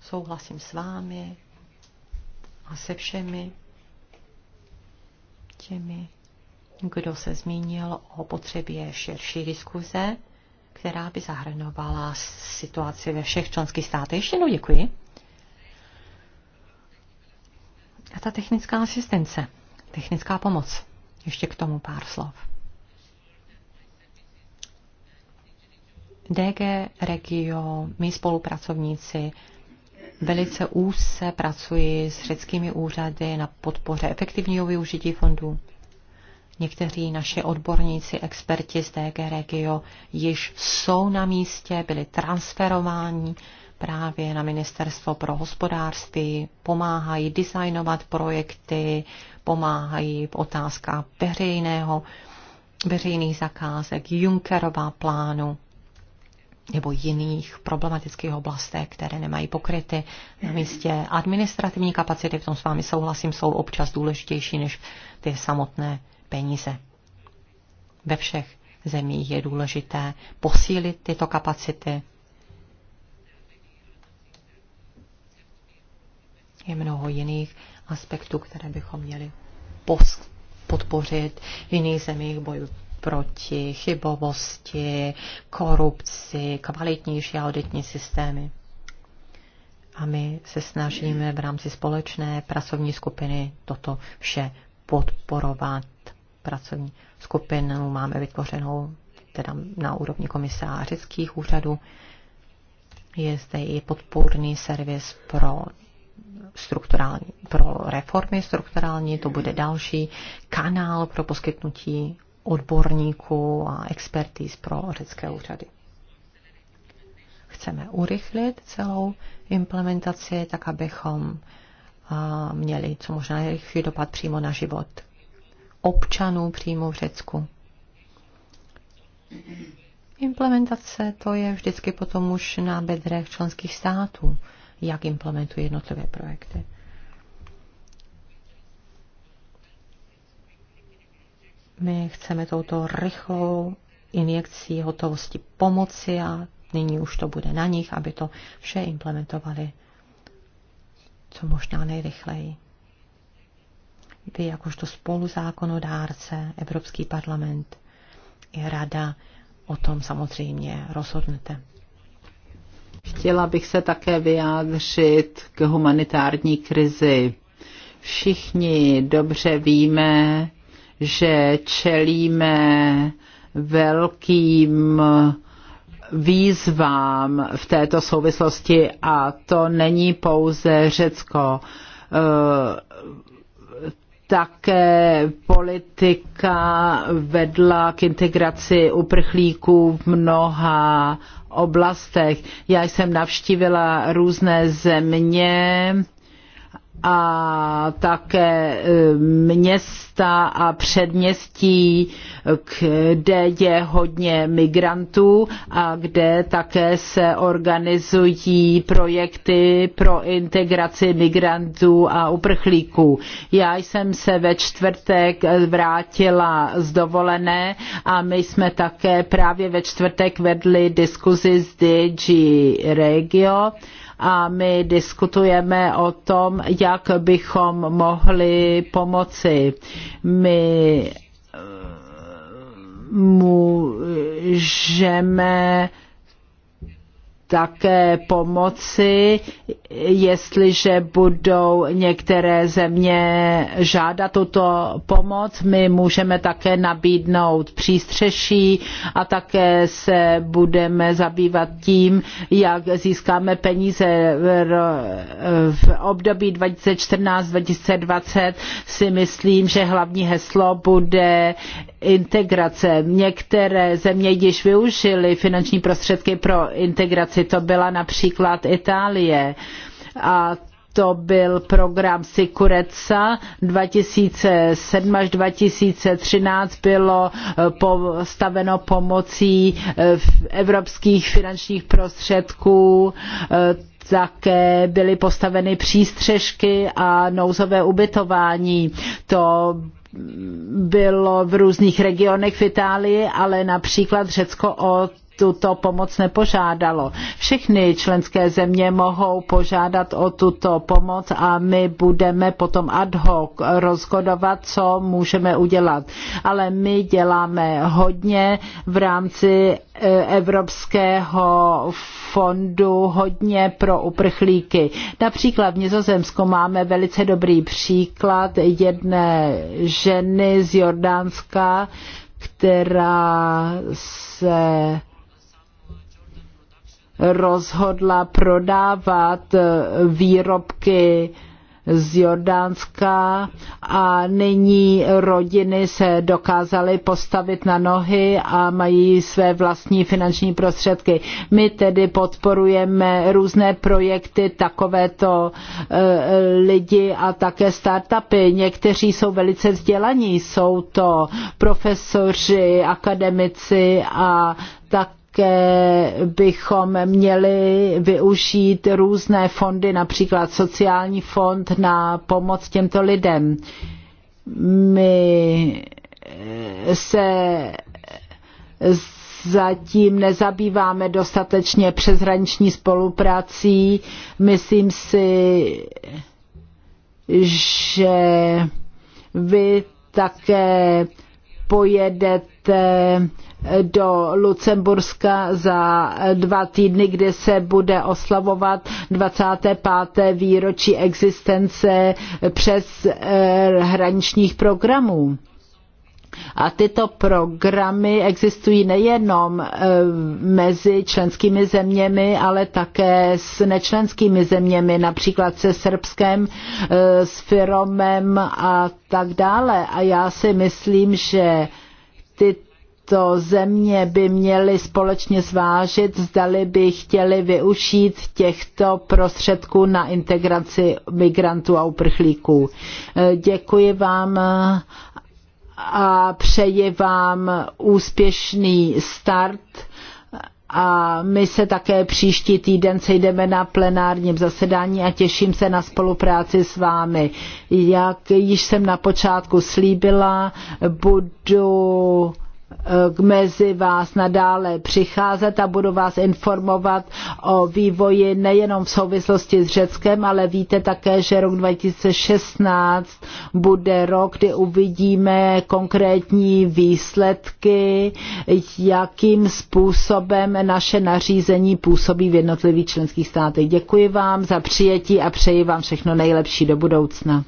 souhlasím s vámi a se všemi těmi, kdo se zmínil o potřebě širší diskuze, která by zahrnovala situaci ve všech členských státech. Ještě jednou děkuji. ta technická asistence, technická pomoc. Ještě k tomu pár slov. DG Regio, my spolupracovníci, velice úzce pracuji s řeckými úřady na podpoře efektivního využití fondů. Někteří naši odborníci, experti z DG Regio již jsou na místě, byli transferováni právě na Ministerstvo pro hospodářství, pomáhají designovat projekty, pomáhají v otázkách veřejného, veřejných zakázek, Junckerová plánu nebo jiných problematických oblastech, které nemají pokryty na místě. Administrativní kapacity, v tom s vámi souhlasím, jsou občas důležitější než ty samotné peníze. Ve všech zemích je důležité posílit tyto kapacity, je mnoho jiných aspektů, které bychom měli podpořit v jiných zemích boju proti chybovosti, korupci, kvalitnější auditní systémy. A my se snažíme v rámci společné pracovní skupiny toto vše podporovat. Pracovní skupinu máme vytvořenou teda na úrovni komisářických úřadů. Je zde i podpůrný servis pro strukturální, pro reformy strukturální, to bude další kanál pro poskytnutí odborníků a expertíz pro řecké úřady. Chceme urychlit celou implementaci, tak abychom měli co možná nejrychlejší dopad přímo na život občanů přímo v Řecku. Implementace to je vždycky potom už na bedrech členských států jak implementují jednotlivé projekty. My chceme touto rychlou injekcí hotovosti pomoci a nyní už to bude na nich, aby to vše implementovali co možná nejrychleji. Vy jakožto spoluzákonodárce, Evropský parlament i Rada o tom samozřejmě rozhodnete. Chtěla bych se také vyjádřit k humanitární krizi. Všichni dobře víme, že čelíme velkým výzvám v této souvislosti a to není pouze Řecko. Eh, také politika vedla k integraci uprchlíků v mnoha oblastech. Já jsem navštívila různé země, a také e, města a předměstí, kde je hodně migrantů a kde také se organizují projekty pro integraci migrantů a uprchlíků. Já jsem se ve čtvrtek vrátila z dovolené a my jsme také právě ve čtvrtek vedli diskuzi s DG Regio a my diskutujeme o tom, jak bychom mohli pomoci. My eh, můžeme také pomoci, jestliže budou některé země žádat tuto pomoc. My můžeme také nabídnout přístřeší a také se budeme zabývat tím, jak získáme peníze v období 2014-2020. Si myslím, že hlavní heslo bude integrace. Některé země již využily finanční prostředky pro integraci práci. To byla například Itálie. A to byl program Sikureca 2007 až 2013 bylo eh, postaveno pomocí eh, evropských finančních prostředků eh, také byly postaveny přístřežky a nouzové ubytování. To bylo v různých regionech v Itálii, ale například Řecko o tuto pomoc nepožádalo. Všechny členské země mohou požádat o tuto pomoc a my budeme potom ad hoc rozhodovat, co můžeme udělat. Ale my děláme hodně v rámci e, Evropského fondu hodně pro uprchlíky. Například v Nizozemsku máme velice dobrý příklad jedné ženy z Jordánska, která se rozhodla prodávat eh, výrobky z Jordánska a nyní rodiny se dokázaly postavit na nohy a mají své vlastní finanční prostředky. My tedy podporujeme různé projekty takovéto eh, lidi a také startupy. Někteří jsou velice vzdělaní, jsou to profesoři, akademici a tak také bychom měli využít různé fondy, například sociální fond na pomoc těmto lidem. My se zatím nezabýváme dostatečně přeshraniční spoluprací. Myslím si, že vy také pojedete do Lucemburska za dva týdny, kde se bude oslavovat 25. výročí existence přes eh, hraničních programů. A tyto programy existují nejenom eh, mezi členskými zeměmi, ale také s nečlenskými zeměmi, například se Srbskem, eh, s Firomem a tak dále. A já si myslím, že tyto tyto země by měly společně zvážit, zdali by chtěli využít těchto prostředků na integraci migrantů a uprchlíků. Eh, děkuji vám eh, a přeji vám úspěšný start a my se také příští týden sejdeme na plenárním zasedání a těším se na spolupráci s vámi. Jak již jsem na počátku slíbila, budu mezi vás nadále přicházet a budu vás informovat o vývoji nejenom v souvislosti s Řeckem, ale víte také, že rok 2016 bude rok, kdy uvidíme konkrétní výsledky, jakým způsobem naše nařízení působí v jednotlivých členských státech. Děkuji vám za přijetí a přeji vám všechno nejlepší do budoucna.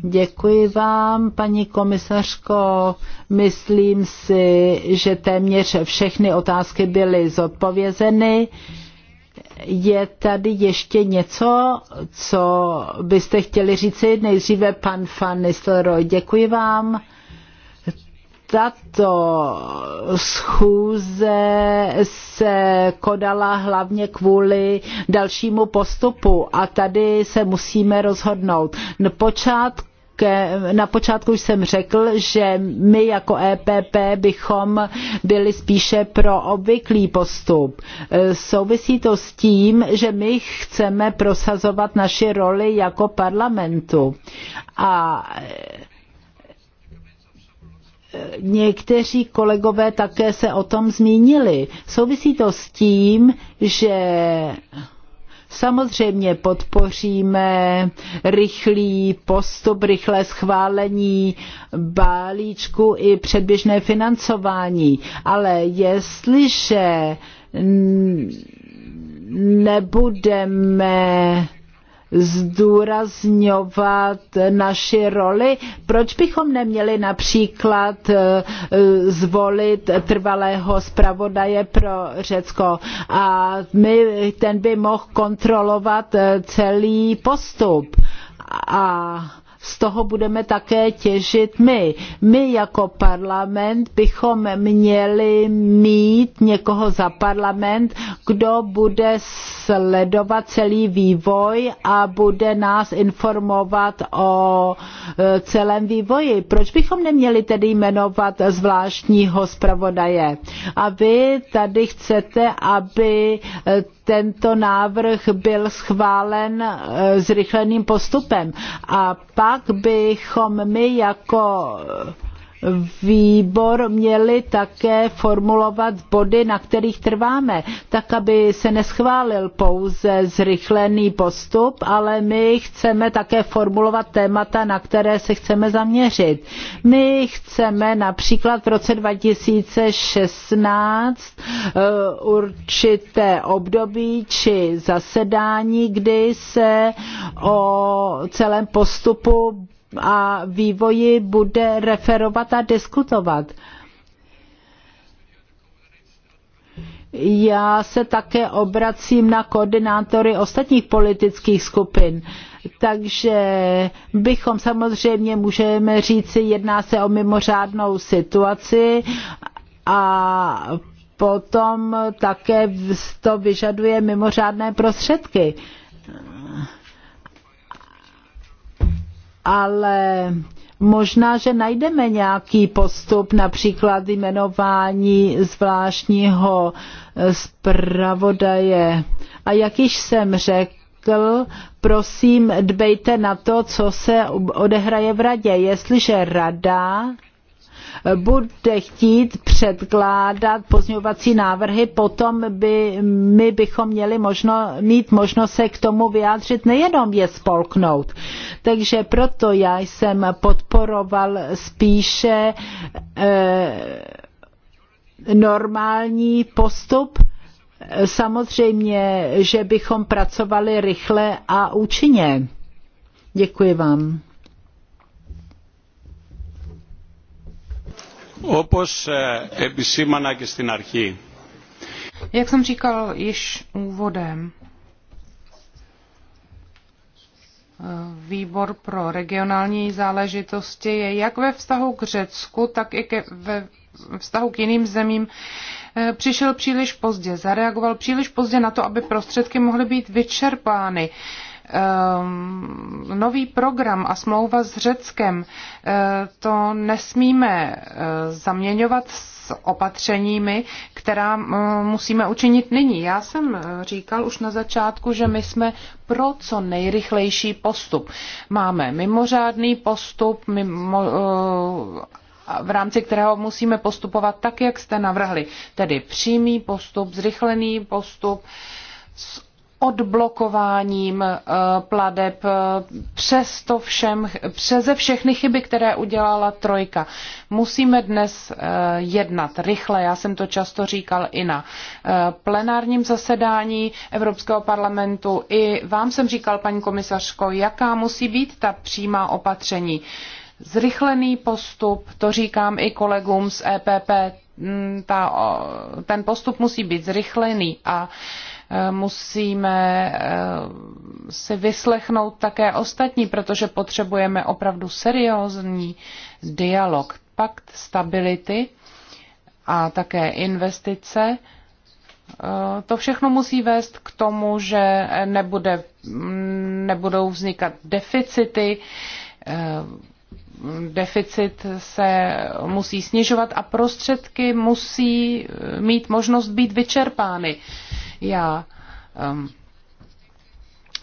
Děkuji vám, paní komisařko. Myslím si, že téměř všechny otázky byly zodpovězeny. Je tady ještě něco, co byste chtěli říci? Nejdříve pan Fan Děkuji vám tato schůze se kodala hlavně kvůli dalšímu postupu a tady se musíme rozhodnout. Na počátku na počátku jsem řekl, že my jako EPP bychom byli spíše pro obvyklý postup. Souvisí to s tím, že my chceme prosazovat naši roli jako parlamentu. A někteří kolegové také se o tom zmínili. Souvisí to s tím, že samozřejmě podpoříme rychlý postup, rychlé schválení balíčku i předběžné financování. Ale jestliže nebudeme zdůrazňovat naši roli? Proč bychom neměli například eh, zvolit trvalého zpravodaje pro Řecko a my, ten by mohl kontrolovat eh, celý postup? A z toho budeme také těžit my. My jako parlament bychom měli mít někoho za parlament, kdo bude sledovat celý vývoj a bude nás informovat o e, celém vývoji. Proč bychom neměli tedy jmenovat zvláštního zpravodaje? A vy tady chcete, aby e, tento návrh byl schválen eh, zrychleným postupem. A pak bychom my jako výbor měli také formulovat body, na kterých trváme, tak aby se neschválil pouze zrychlený postup, ale my chceme také formulovat témata, na které se chceme zaměřit. My chceme například v roce 2016 eh, určité období či zasedání, kdy se o celém postupu a vývoji bude referovat a diskutovat. Já se také obracím na koordinátory ostatních politických skupin. Takže bychom samozřejmě můžeme říci, jedná se o mimořádnou situaci a potom také to vyžaduje mimořádné prostředky. ale možná, že najdeme nějaký postup, například jmenování zvláštního eh, zpravodaje. A jak již jsem řekl, prosím, dbejte na to, co se odehraje v radě. Jestliže rada bude chtít předkládat pozňovací návrhy, potom by, my bychom měli možno, mít možnost se k tomu vyjádřit, nejenom je spolknout. Takže proto já jsem podporoval spíše eh, normální postup, samozřejmě, že bychom pracovali rychle a účinně. Děkuji vám. Όπως επισήμανα και στην αρχή. Jak jsem říkal již úvodem, eh, Výbor pro regionální záležitosti je jak ve vztahu k Řecku, tak i ke, ve vztahu k jiným zemím eh, přišel příliš pozdě, zareagoval příliš pozdě na to, aby prostředky mohly být vyčerpány. Ehm, nový program a smlouva s Řeckem, eh, to nesmíme eh, zaměňovat s opatřeními, která eh, musíme učinit nyní. Já jsem říkal už na začátku, že my jsme pro co nejrychlejší postup. Máme mimořádný postup, mimo, v rámci kterého musíme postupovat tak, jak jste navrhli. Tedy přímý postup, zrychlený postup s odblokováním eh, pladeb eh, to všem, přeze všechny chyby, které udělala trojka. Musíme dnes eh, jednat rychle, já jsem to často říkal i na plenárním zasedání Evropského parlamentu. I vám jsem říkal, paní komisařko, jaká musí být ta přímá opatření. Zrychlený postup, to říkám i kolegům z EPP, mm, ta, ten postup musí být zrychlený a uh, musíme eh, si vyslechnout také ostatní, protože potřebujeme opravdu seriózní dialog. Pakt stability a také investice. Eh, to všechno musí vést k tomu, že nebude, mm, nebudou vznikat deficity, eh, deficit se musí snižovat a prostředky musí mít možnost být vyčerpány. Já um,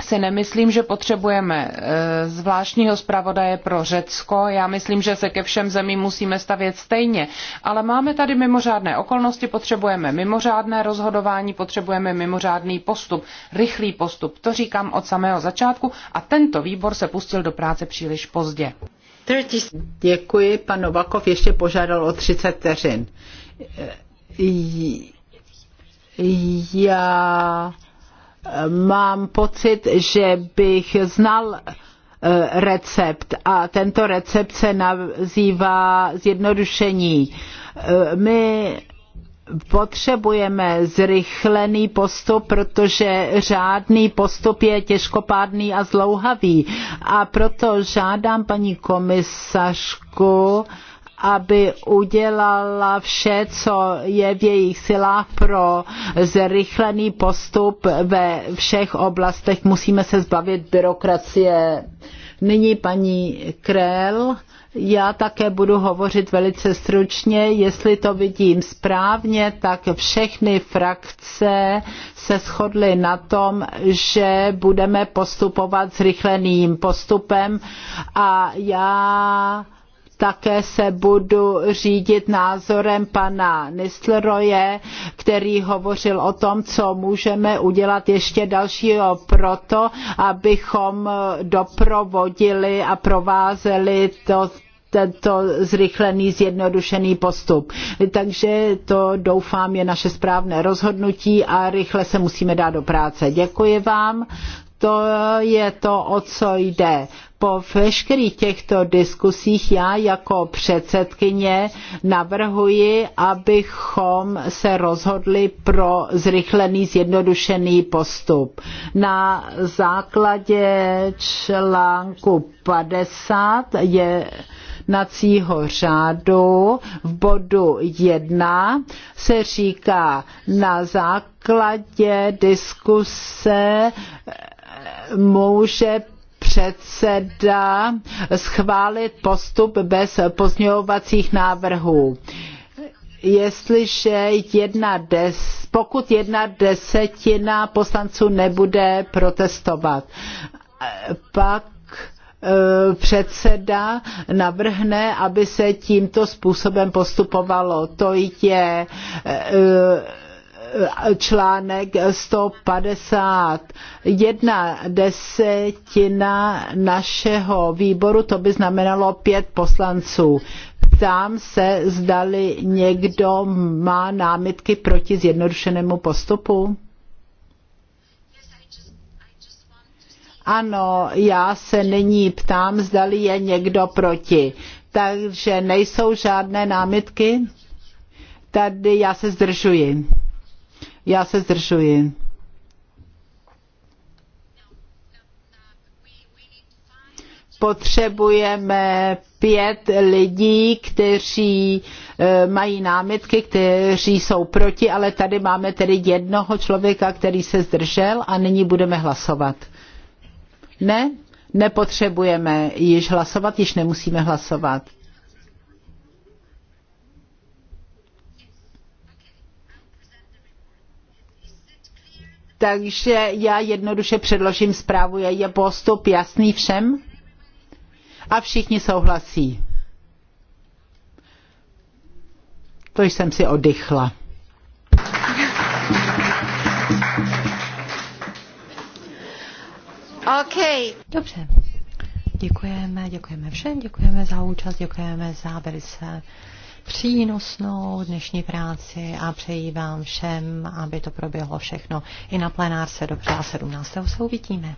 si nemyslím, že potřebujeme eh, zvláštního zpravodaje pro Řecko. Já myslím, že se ke všem zemím musíme stavět stejně. Ale máme tady mimořádné okolnosti, potřebujeme mimořádné rozhodování, potřebujeme mimořádný postup, rychlý postup. To říkám od samého začátku a tento výbor se pustil do práce příliš pozdě. Děkuji, pan Novakov ještě požádal o 30 vteřin eh, já eh, mám pocit, že bych znal eh, recept a tento recept se nazývá zjednodušení. Eh, my potřebujeme zrychlený postup, protože řádný postup je těžkopádný a zlouhavý. A proto žádám paní komisařku, aby udělala vše, co je v jejich silách pro zrychlený postup ve všech oblastech. Musíme se zbavit byrokracie. Nyní paní Krell. Já také budu hovořit velice stručně. Jestli to vidím správně, tak všechny frakce se shodly na tom, že budeme postupovat zrychleným postupem a já také se budu řídit názorem pana Nistleroje, který hovořil o tom, co můžeme udělat ještě dalšího proto, abychom doprovodili a provázeli to, tento zrychlený, zjednodušený postup. Takže to doufám je naše správné rozhodnutí a rychle se musíme dát do práce. Děkuji vám to je to, o co jde. Po veškerých těchto diskusích já jako předsedkyně navrhuji, abychom se rozhodli pro zrychlený, zjednodušený postup. Na základě článku 50 je nacího řádu v bodu 1 se říká na základě diskuse může předseda schválit postup bez pozměňovacích návrhů jestliže jedna des, pokud jedna desetina poslanců nebude protestovat, pak e, předseda navrhne, aby se tímto způsobem postupovalo. To je e, článek 151 desetina našeho výboru, to by znamenalo pět poslanců. Ptám se, zdali někdo má námitky proti zjednodušenému postupu? Ano, já se nyní ptám, zdali je někdo proti. Takže nejsou žádné námitky? Tady já se zdržuji. Já se zdržuji. potřebujeme pět lidí, kteří eh, mají námitky, kteří jsou proti, ale tady máme tedy jednoho člověka, který se zdržel a nyní budeme hlasovat. Ne, nepotřebujeme již hlasovat, již nemusíme hlasovat. Takže já jednoduše předložím zprávu, je postup jasný všem a všichni souhlasí. To jsem si oddychla. Okay. Dobře. Děkujeme, děkujeme všem, děkujeme za účast, děkujeme za velice přínosnou dnešní práci a přeji vám všem, aby to proběhlo všechno i na plenárce dobře a 17. se uvidíme.